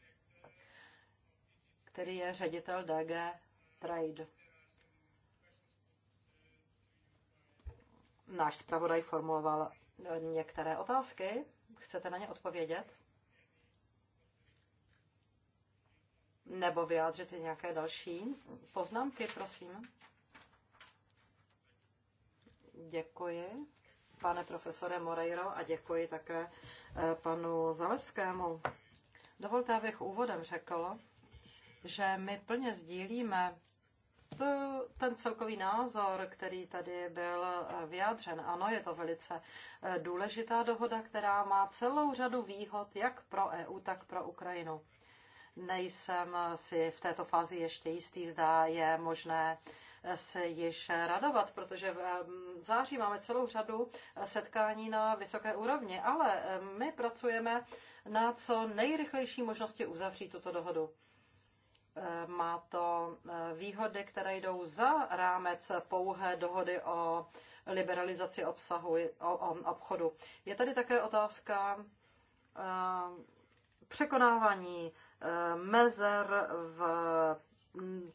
který je ředitel DG Trade. Náš zpravodaj formuloval některé otázky. Chcete na ně odpovědět? Nebo vyjádřete nějaké další poznámky, prosím. Děkuji, pane profesore Moreiro, a děkuji také eh, panu Zalevskému. Dovolte, abych úvodem řekl, že my plně sdílíme ten celkový názor, který tady byl eh, vyjádřen. Ano, je to velice eh, důležitá dohoda, která má celou řadu výhod jak pro EU, tak pro Ukrajinu. Nejsem si v této fázi ještě jistý, zda je možné se již radovat, protože v září máme celou řadu setkání na vysoké úrovni, ale my pracujeme na co nejrychlejší možnosti uzavřít tuto dohodu. Má to výhody, které jdou za rámec pouhé dohody o liberalizaci obsahu, o, o obchodu. Je tady také otázka překonávání mezer v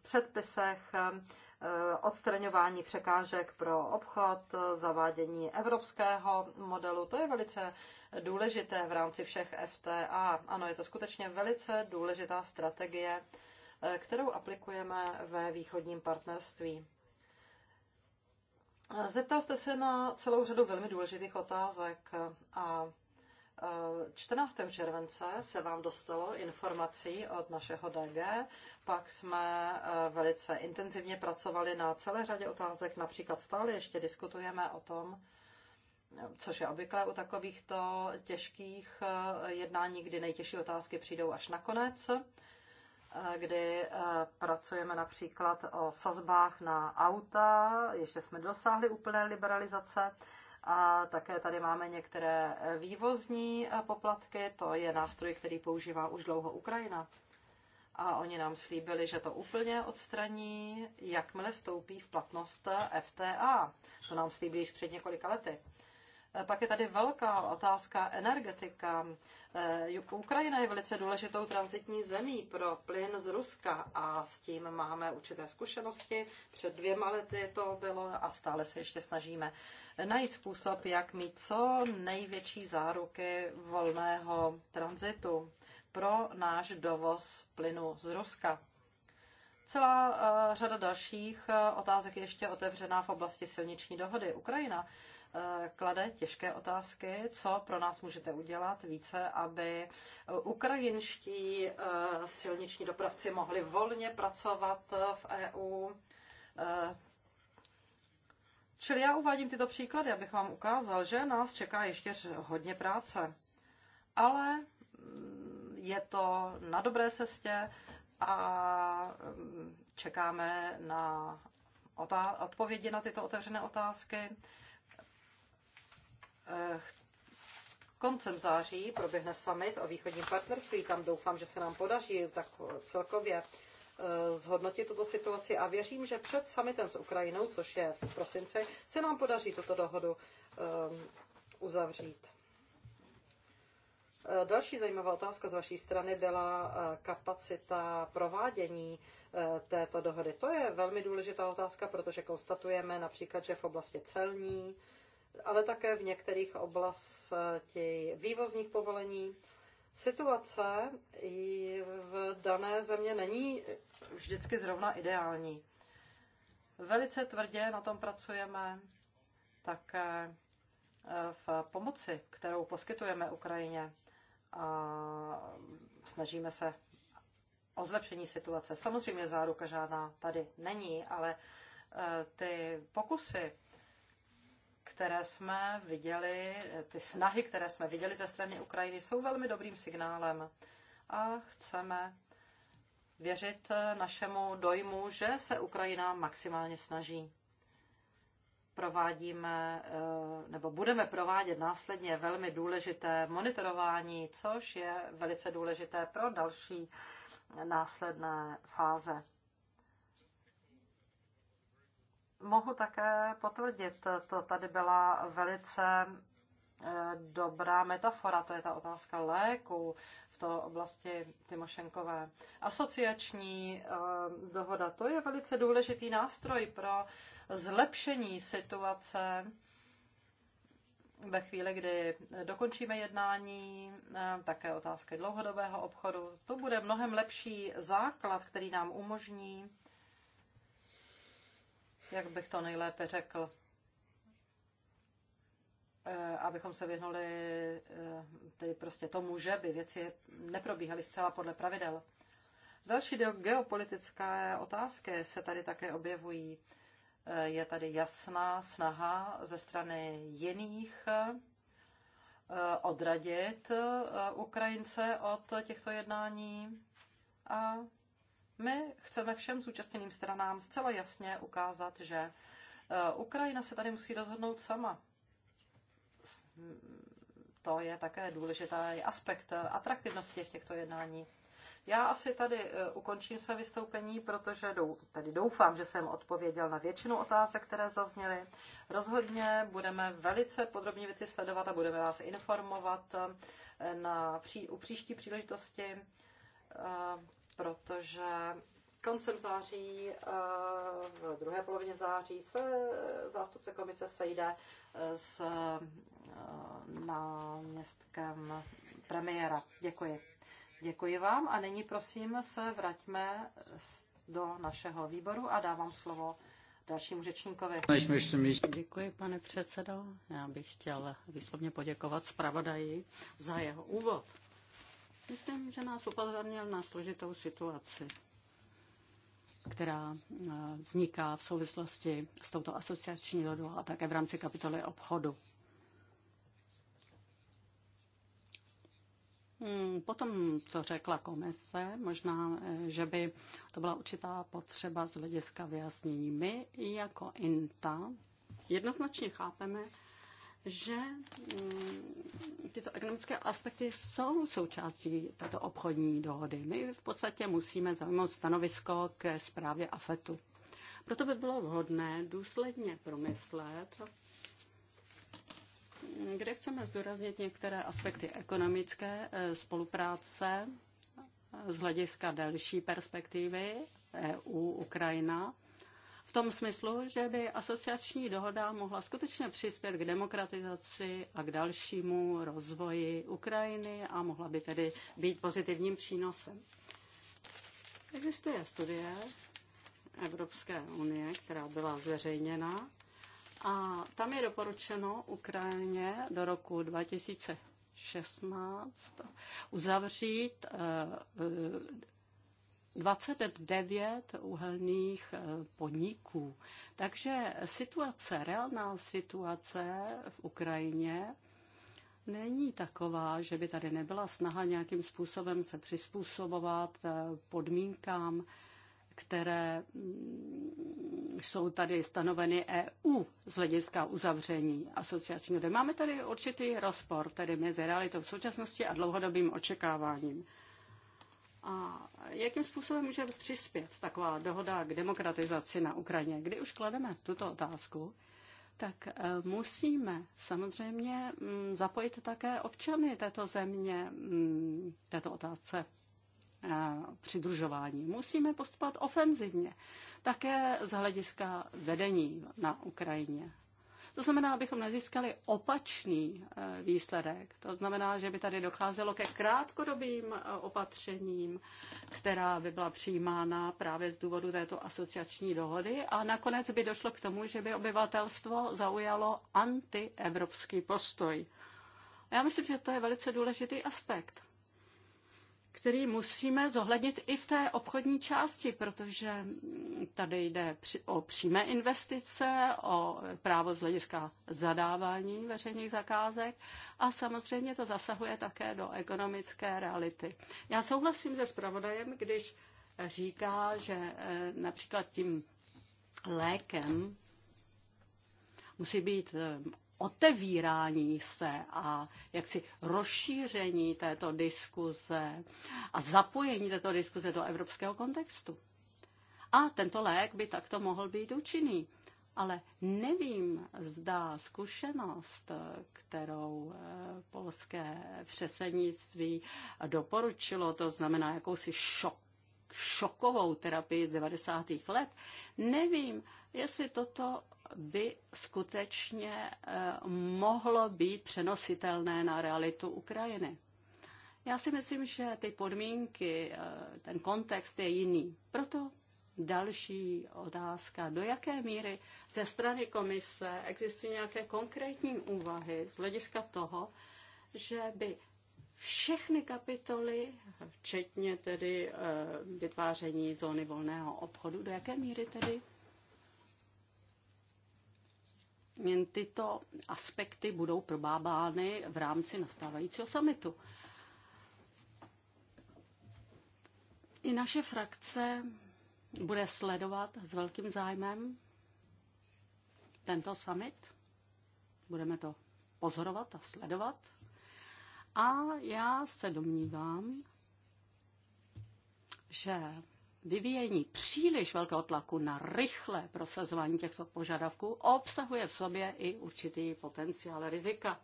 předpisech, eh, odstraňování překážek pro obchod, zavádění evropského modelu. To je velice důležité v rámci všech FTA. Ano, je to skutečně velice důležitá strategie, eh, kterou aplikujeme ve východním partnerství. Zeptal jste se na celou řadu velmi důležitých otázek a 14. července se vám dostalo informací od našeho DG, pak jsme eh, velice intenzivně pracovali na celé řadě otázek, například stále ještě diskutujeme o tom, což je obvyklé u takovýchto těžkých eh, jednání, kdy nejtěžší otázky přijdou až nakonec, eh, kdy pracujeme například o sazbách na auta, ještě jsme dosáhli úplné liberalizace, a také tady máme některé vývozní poplatky, to je nástroj, který používá už dlouho Ukrajina. A oni nám slíbili, že to úplně odstraní, jakmile vstoupí v platnost FTA. To nám slíbili již před několika lety. Pak je tady velká otázka energetika. Eh, Ukrajina je velice důležitou transitní zemí pro plyn z Ruska a s tím máme určité zkušenosti. Před dvěma lety to bylo a stále se ještě snažíme najít způsob, jak mít co největší záruky volného tranzitu pro náš dovoz plynu z Ruska. Celá eh, řada dalších eh, otázek je ještě otevřená v oblasti silniční dohody. Ukrajina Eh, klade těžké otázky, co pro nás můžete udělat více, aby ukrajinští eh, silniční dopravci mohli volně pracovat v EU. Eh, čili já uvádím tyto příklady, abych vám ukázal, že nás čeká ještě hodně práce. Ale mm, je to na dobré cestě a mm, čekáme na odpovědi na tyto otevřené otázky. Eh, koncem září proběhne summit o východním partnerství. Tam doufám, že se nám podaří tak celkově eh, zhodnotit tuto situaci a věřím, že před summitem s Ukrajinou, což je v prosinci, se nám podaří tuto dohodu eh, uzavřít. Další zajímavá otázka z vaší strany byla kapacita provádění této dohody. To je velmi důležitá otázka, protože konstatujeme například, že v oblasti celní, ale také v některých oblasti vývozních povolení. Situace v dané země není vždycky zrovna ideální. Velice tvrdě na tom pracujeme také eh, v pomoci, kterou poskytujeme Ukrajině a snažíme se o zlepšení situace. Samozřejmě záruka žádná tady není, ale eh, ty pokusy které jsme viděli, ty snahy, které jsme viděli ze strany Ukrajiny, jsou velmi dobrým signálem. A chceme věřit našemu dojmu, že se Ukrajina maximálně snaží. Provádíme, eh, nebo budeme provádět následně velmi důležité monitorování, což je velice důležité pro další následné fáze mohu také potvrdit, to tady byla velice eh, dobrá metafora, to je ta otázka léku v té oblasti Timošenkové. Asociační eh, dohoda, to je velice důležitý nástroj pro zlepšení situace ve chvíli, kdy dokončíme jednání, eh, také otázky dlouhodobého obchodu. To bude mnohem lepší základ, který nám umožní jak bych to nejlépe řekl, eh, abychom se vyhnuli eh, tedy prostě tomu, že by věci neprobíhaly zcela podle pravidel. Další geopolitické otázky se tady také objevují. Eh, je tady jasná snaha ze strany jiných odradit Ukrajince od těchto jednání a my chceme všem zúčastněným stranám zcela jasně ukázat, že e, Ukrajina se tady musí rozhodnout sama. To je také důležitý aspekt e, atraktivnosti v těchto jednání. Já asi tady e, ukončím své vystoupení, protože dou, tady doufám, že jsem odpověděl na většinu otázek, které zazněly. Rozhodně budeme velice podrobně věci sledovat a budeme vás informovat na, při, u příští příležitosti protože koncem září, eh, v druhé polovině září se zástupce komise sejde eh, s eh, náměstkem premiéra. Děkuji. Děkuji vám a nyní prosím se vraťme do našeho výboru a dávám slovo dalšímu řečníkovi. Děkuji, pane předsedo. Já bych chtěl výslovně poděkovat zpravodaji za jeho úvod. Myslím, že nás upozornil na složitou situaci, která eh, vzniká v souvislosti s touto asociační dohodou a také v rámci kapitoly obchodu. Hmm, Potom, co řekla komise, možná, eh, že by to byla určitá potřeba z hlediska vyjasnění. My jako INTA jednoznačně chápeme, že mm, tyto ekonomické aspekty jsou součástí této obchodní dohody. My v podstatě musíme zaujmout stanovisko ke zprávě AFETu. Proto by bylo vhodné důsledně promyslet, kde chceme zdůraznit některé aspekty ekonomické eh, spolupráce z hlediska delší perspektivy EU-Ukrajina v tom smyslu, že by asociační dohoda mohla skutečně přispět k demokratizaci a k dalšímu rozvoji Ukrajiny a mohla by tedy být pozitivním přínosem. Existuje studie Evropské unie, která byla zveřejněna a tam je doporučeno Ukrajině do roku 2016 uzavřít eh, 29 uhelných eh, podniků. Takže situace, reálná situace v Ukrajině není taková, že by tady nebyla snaha nějakým způsobem se přizpůsobovat eh, podmínkám, které mm, jsou tady stanoveny EU z hlediska uzavření asociačního. Máme tady určitý rozpor tedy mezi realitou v současnosti a dlouhodobým očekáváním. A jakým způsobem může přispět taková dohoda k demokratizaci na Ukrajině? Kdy už klademe tuto otázku, tak eh, musíme samozřejmě mm, zapojit také občany této země mm, této otázce eh, přidružování. Musíme postupovat ofenzivně, také z hlediska vedení na Ukrajině. To znamená, abychom nezískali opačný eh, výsledek. To znamená, že by tady docházelo ke krátkodobým eh, opatřením, která by byla přijímána právě z důvodu této asociační dohody a nakonec by došlo k tomu, že by obyvatelstvo zaujalo antievropský postoj. Já myslím, že to je velice důležitý aspekt který musíme zohlednit i v té obchodní části, protože tady jde o přímé investice, o právo z hlediska zadávání veřejných zakázek a samozřejmě to zasahuje také do ekonomické reality. Já souhlasím se zpravodajem, když říká, že eh, například tím lékem musí být eh, otevírání se a jaksi rozšíření této diskuze a zapojení této diskuze do evropského kontextu. A tento lék by takto mohl být účinný. Ale nevím, zda zkušenost, kterou eh, polské přesednictví doporučilo, to znamená jakousi šok, šokovou terapii z 90. let, nevím, jestli toto by skutečně eh, mohlo být přenositelné na realitu Ukrajiny. Já si myslím, že ty podmínky, eh, ten kontext je jiný. Proto další otázka. Do jaké míry ze strany komise existují nějaké konkrétní úvahy z hlediska toho, že by všechny kapitoly, včetně tedy eh, vytváření zóny volného obchodu, do jaké míry tedy tyto aspekty budou probábány v rámci nastávajícího samitu. I naše frakce bude sledovat s velkým zájmem tento summit. Budeme to pozorovat a sledovat. A já se domnívám, že vyvíjení příliš velkého tlaku na rychlé prosazování těchto požadavků obsahuje v sobě i určitý potenciál rizika.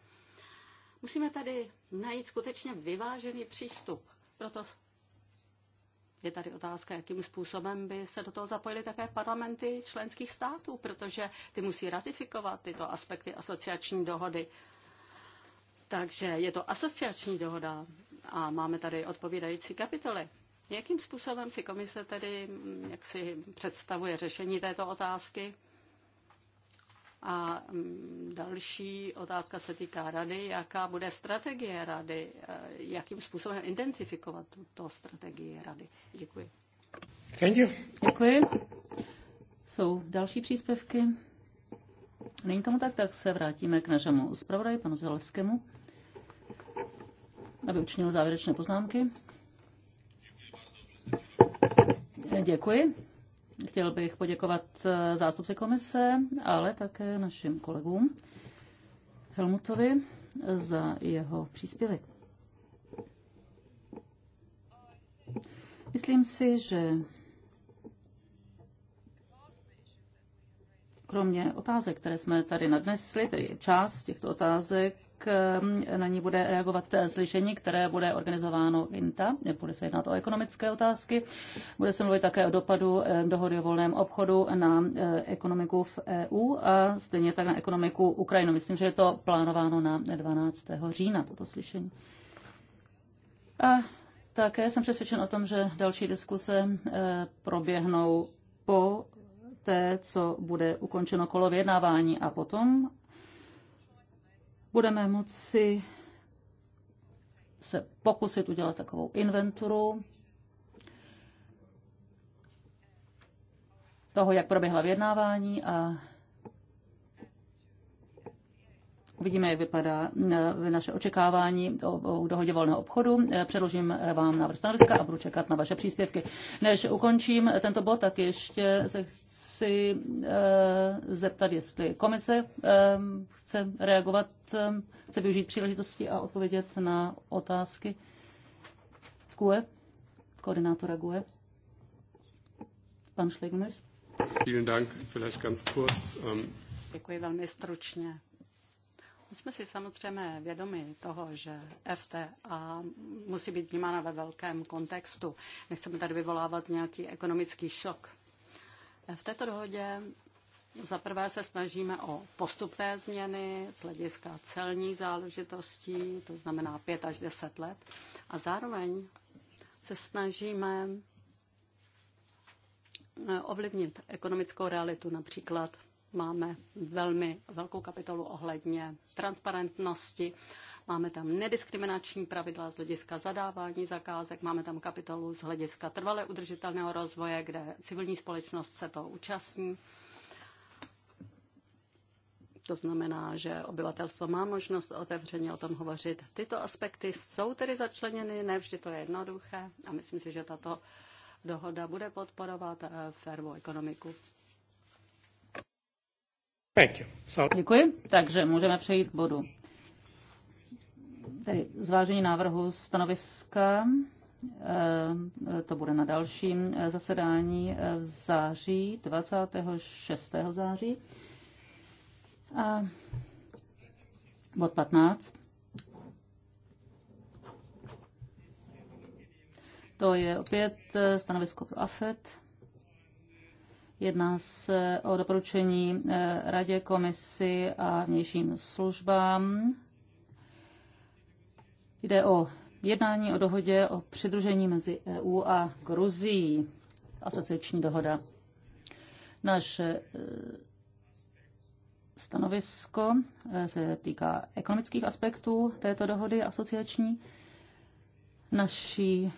Musíme tady najít skutečně vyvážený přístup. Proto je tady otázka, jakým způsobem by se do toho zapojily také parlamenty členských států, protože ty musí ratifikovat tyto aspekty asociační dohody. Takže je to asociační dohoda a máme tady odpovídající kapitoly. Jakým způsobem si komise tedy mm, jak si představuje řešení této otázky? A mm, další otázka se týká rady. Jaká bude strategie rady? E, jakým způsobem identifikovat tuto strategii rady? Děkuji. Thank you. Děkuji. Jsou další příspěvky? Není tomu tak, tak se vrátíme k našemu zpravodaji, panu Zelevskému, aby učinil závěrečné poznámky. Děkuji. Chtěl bych poděkovat eh, zástupci komise, ale také našim kolegům Helmutovi eh, za jeho příspěvek. Myslím si, že kromě otázek, které jsme tady nadnesli, tedy část těchto otázek, Um, na ní bude reagovat slyšení, které bude organizováno INTA. Bude se jednat o ekonomické otázky. Bude se mluvit také o dopadu eh, dohody o volném obchodu na eh, ekonomiku v EU a stejně tak na ekonomiku Ukrajinu. Myslím, že je to plánováno na 12. října, toto slyšení. A také jsem přesvědčen o tom, že další diskuse eh, proběhnou po té, co bude ukončeno kolo vyjednávání a potom budeme moci se pokusit udělat takovou inventuru toho, jak proběhla vyjednávání a Uvidíme, jak vypadá eh, naše očekávání o, o dohodě volného obchodu. Eh, předložím eh, vám návrh stanoviska a budu čekat na vaše příspěvky. Než ukončím tento bod, tak ještě se chci zeptat, jestli komise chce reagovat, chce využít příležitosti a odpovědět na otázky z GUE, koordinátora GUE. Pan Schlegelmilch. Ähm, Děkuji velmi stručně. My jsme si samozřejmě vědomi toho, že FTA musí být vnímána ve velkém kontextu. Nechceme tady vyvolávat nějaký ekonomický šok. V této dohodě za prvé se snažíme o postupné změny z hlediska celních záležitostí, to znamená 5 až 10 let, a zároveň se snažíme eh, ovlivnit ekonomickou realitu, například máme velmi velkou kapitolu ohledně transparentnosti. Máme tam nediskriminační pravidla z hlediska zadávání zakázek, máme tam kapitolu z hlediska trvale udržitelného rozvoje, kde civilní společnost se to účastní. To znamená, že obyvatelstvo má možnost otevřeně o tom hovořit. Tyto aspekty jsou tedy začleněny, ne vždy to je jednoduché a myslím si, že tato dohoda bude podporovat eh, férovou ekonomiku. Děkuji. Takže můžeme přejít k bodu. Tedy zvážení návrhu stanoviska. Eh, to bude na dalším eh, zasedání eh, v září, 26. září. A bod 15. To je opět stanovisko pro AFET. Jedná se o doporučení eh, Radě, komisi a vnějším službám. Jde o jednání o dohodě o přidružení mezi EU a Gruzií, asociační dohoda. Naše eh, stanovisko eh, se týká ekonomických aspektů této dohody asociační. Naší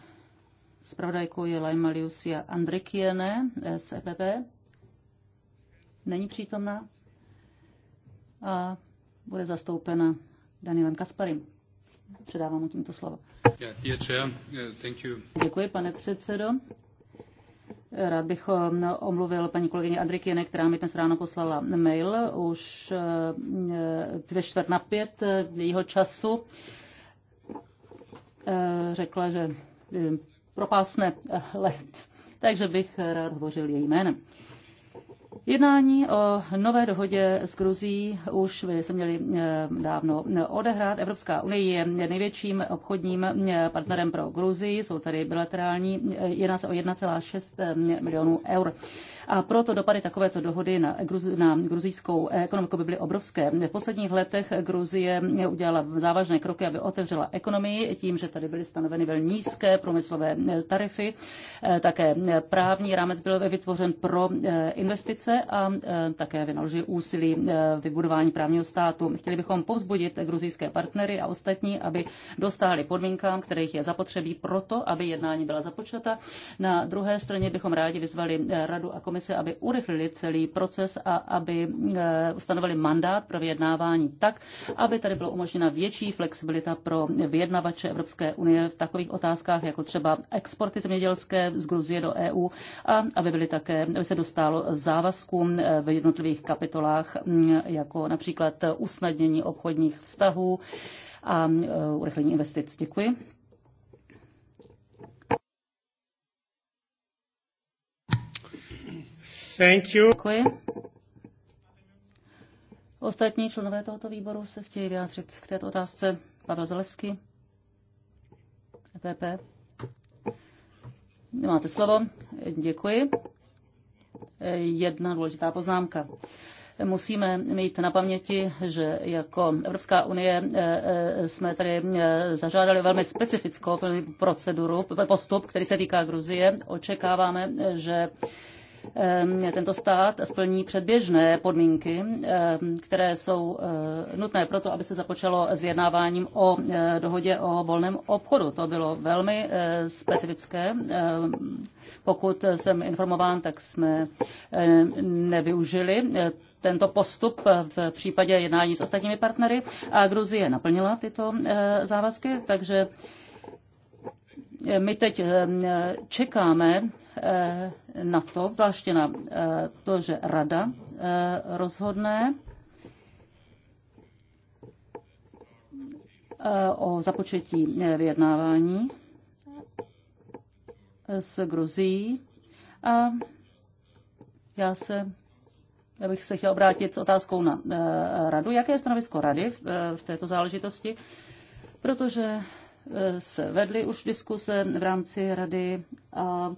Spravodajkou je Laima Liusia Andrikiene eh, z EPP. Není přítomná a bude zastoupena Danielem Kasparim. Předávám mu tímto slovo. Děkuji, pane předsedo. Rád bych eh, omluvil paní kolegyně Andrikiene, která mi dnes ráno poslala mail už eh, ve čtvrt na pět jejího času. Řekla, že propásne eh, let. Takže bych eh, rád hovořil její jménem. Jednání o nové dohodě s Gruzí už se měli eh, dávno odehrát. Evropská unie je největším obchodním partnerem pro Gruzii, jsou tady bilaterální, jedná se o 1,6 milionů eur a proto dopady takovéto dohody na, gruz, na gruzijskou ekonomiku by byly obrovské. V posledních letech Gruzie udělala závažné kroky, aby otevřela ekonomii tím, že tady byly stanoveny velmi nízké průmyslové tarify. Eh, také právní rámec byl vytvořen pro eh, investice a eh, také vynaložili úsilí vybudování právního státu. Chtěli bychom povzbudit gruzijské partnery a ostatní, aby dostáli podmínkám, kterých je zapotřebí proto, aby jednání byla započata. Na druhé straně bychom rádi vyzvali radu a komisi komise, aby urychlili celý proces a aby e, ustanovili mandát pro vyjednávání tak, aby tady byla umožněna větší flexibilita pro vyjednavače Evropské unie v takových otázkách, jako třeba exporty zemědělské z Gruzie do EU a aby, byly také, aby se dostalo závazkům e, v jednotlivých kapitolách, jako například usnadnění obchodních vztahů a e, urychlení investic. Děkuji. Thank you. Děkuji. Ostatní členové tohoto výboru se chtějí vyjádřit k této otázce. Pavel Zalevský, EPP. Máte slovo. Děkuji. Jedna důležitá poznámka musíme mít na paměti, že jako Evropská unie e, e, jsme tady e, zažádali velmi specifickou proceduru, postup, který se týká Gruzie. Očekáváme, že Ehm, tento stát splní předběžné podmínky, ehm, které jsou eh, nutné pro to, aby se započalo s vyjednáváním o eh, dohodě o volném obchodu. To bylo velmi eh, specifické. Ehm, pokud jsem informován, tak jsme nevyužili tento postup v případě jednání s ostatními partnery a Gruzie naplnila tyto závazky, takže my teď eh, čekáme eh, na to, zvláště na eh, to, že rada rozhodne o započetí vyjednávání s Gruzií. A já se já bych se chtěl obrátit s otázkou na radu. Jaké je stanovisko rady v, v této záležitosti? Protože se vedly už diskuse v rámci rady a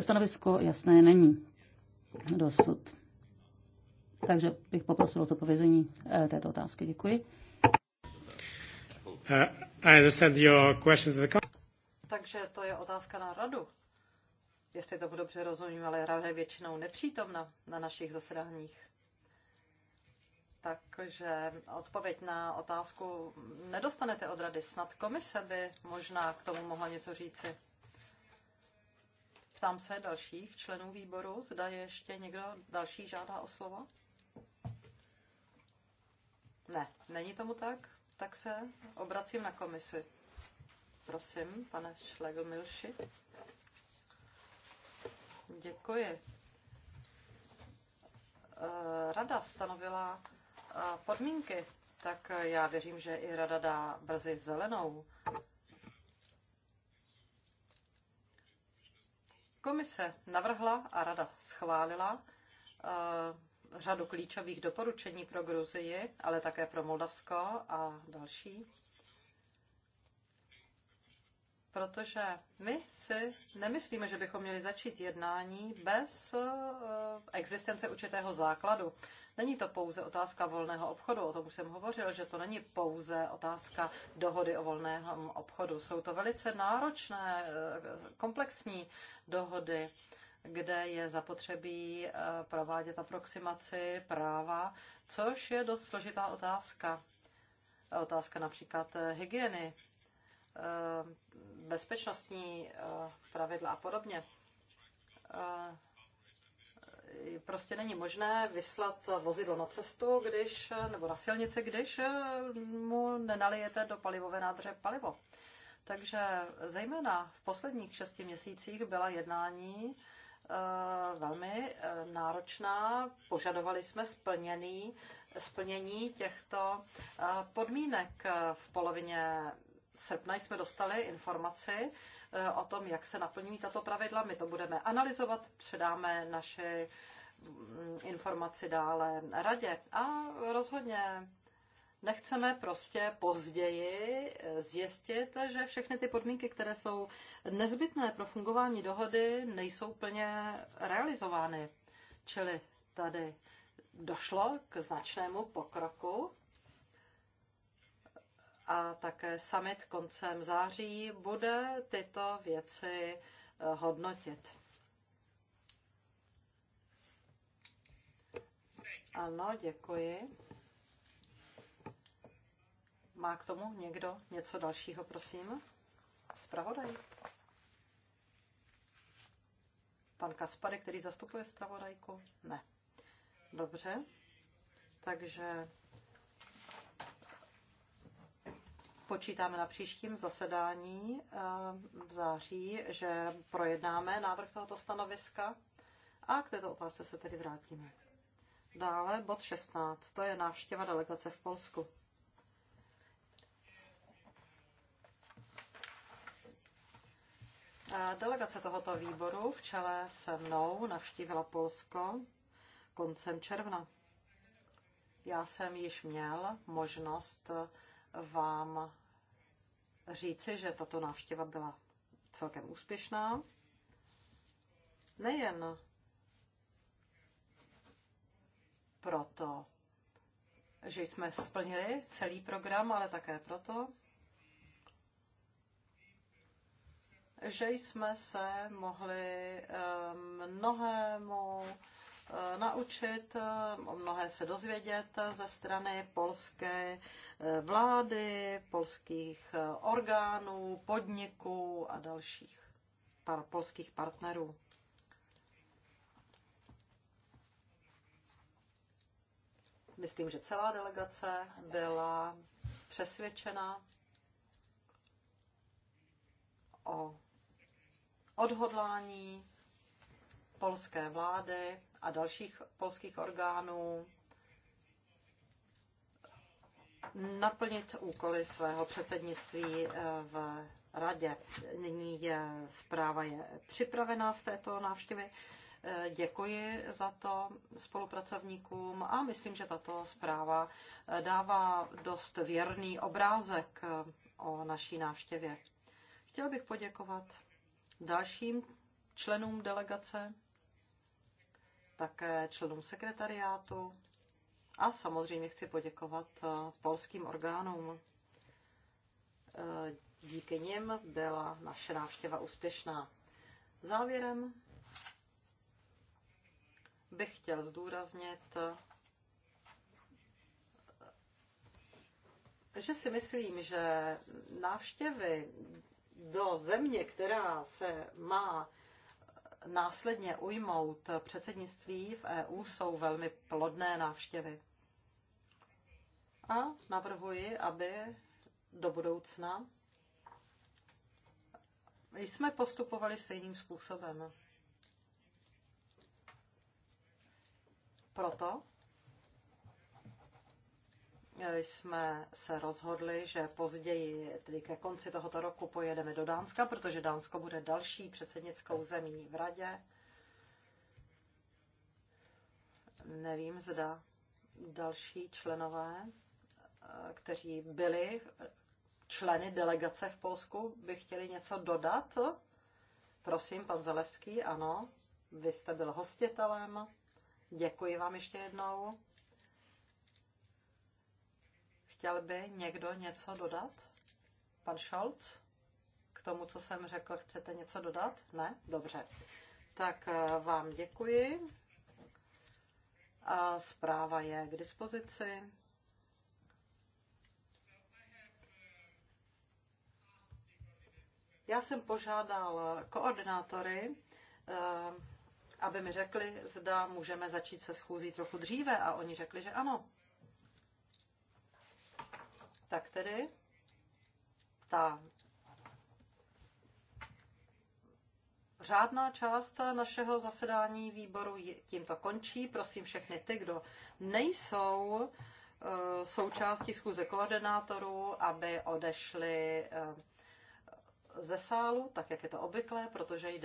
stanovisko jasné není dosud. Takže bych poprosil o zodpovězení eh, této otázky. Děkuji. Uh, Takže to je otázka na radu. Jestli to dobře rozumím, ale rada je většinou nepřítomna na našich zasedáních takže odpověď na otázku nedostanete od rady. Snad komise by možná k tomu mohla něco říci. Ptám se dalších členů výboru, zda ještě někdo další žádá o slovo. Ne, není tomu tak? Tak se obracím na komisi. Prosím, pane Šlegl-Milši. Děkuji. Eh, rada stanovila podmínky, tak já věřím, že i rada dá brzy zelenou. Komise navrhla a rada schválila eh, řadu klíčových doporučení pro Gruzii, ale také pro Moldavsko a další. Protože my si nemyslíme, že bychom měli začít jednání bez eh, existence určitého základu. Není to pouze otázka volného obchodu, o tom už jsem hovořil, že to není pouze otázka dohody o volném obchodu. Jsou to velice náročné, eh, komplexní dohody kde je zapotřebí eh, provádět aproximaci práva, což je dost složitá otázka. Eh, otázka například hygieny, bezpečnostní pravidla a podobně prostě není možné vyslat vozidlo na cestu, když, nebo na silnici, když mu nenalijete do palivové nádrže palivo. Takže zejména v posledních šesti měsících byla jednání eh, velmi eh, náročná. Požadovali jsme splněný, splnění těchto eh, podmínek. V polovině srpna jsme dostali informaci, E, o tom, jak se naplní tato pravidla. My to budeme analyzovat, předáme naše mm, informaci dále radě a rozhodně nechceme prostě později zjistit, že všechny ty podmínky, které jsou nezbytné pro fungování dohody, nejsou plně realizovány. Čili tady došlo k značnému pokroku a také summit koncem září bude tyto věci eh, hodnotit. Ano, děkuji. Má k tomu někdo něco dalšího, prosím? Spravodaj. Pan Kaspary, který zastupuje zpravodajku? Ne. Dobře. Takže počítáme na příštím zasedání eh, v září, že projednáme návrh tohoto stanoviska a k této otázce se tedy vrátíme. Dále bod 16, to je návštěva delegace v Polsku. Eh, delegace tohoto výboru v čele se mnou navštívila Polsko koncem června. Já jsem již měl možnost vám říci, že tato návštěva byla celkem úspěšná. Nejen proto, že jsme splnili celý program, ale také proto, že jsme se mohli eh, mnohému Eh, naučit, eh, mnohé se dozvědět ze strany polské eh, vlády, polských orgánů, podniků a dalších par, polských partnerů. Myslím, že celá delegace byla přesvědčena o odhodlání polské vlády a dalších polských orgánů naplnit úkoly svého předsednictví eh, v radě. Nyní je, zpráva je připravená z této návštěvy. Eh, děkuji za to spolupracovníkům a myslím, že tato zpráva eh, dává dost věrný obrázek o naší návštěvě. Chtěl bych poděkovat dalším členům delegace také členům sekretariátu a samozřejmě chci poděkovat eh, polským orgánům. Eh, díky nim byla naše návštěva úspěšná. Závěrem bych chtěl zdůraznit, eh, že si myslím, že návštěvy do země, která se má následně ujmout předsednictví v EU, jsou velmi plodné návštěvy. A navrhuji, aby do budoucna jsme postupovali stejným způsobem. Proto jsme se rozhodli, že později, tedy ke konci tohoto roku, pojedeme do Dánska, protože Dánsko bude další předsednickou zemí v radě. Nevím, zda další členové, eh, kteří byli členy delegace v Polsku, by chtěli něco dodat. Prosím, pan Zalevský, ano, vy jste byl hostitelem. Děkuji vám ještě jednou Chtěl by někdo něco dodat? Pan Scholz? K tomu, co jsem řekl, chcete něco dodat? Ne? Dobře. Tak eh, vám děkuji. A zpráva je k dispozici. Já jsem požádal koordinátory, eh, aby mi řekli, zda můžeme začít se schůzí trochu dříve a oni řekli, že ano. Tak tedy ta Řádná část našeho zasedání výboru tímto končí. Prosím všechny ty, kdo nejsou eh, součástí schůze koordinátorů, aby odešli eh, ze sálu, tak jak je to obvyklé, protože jde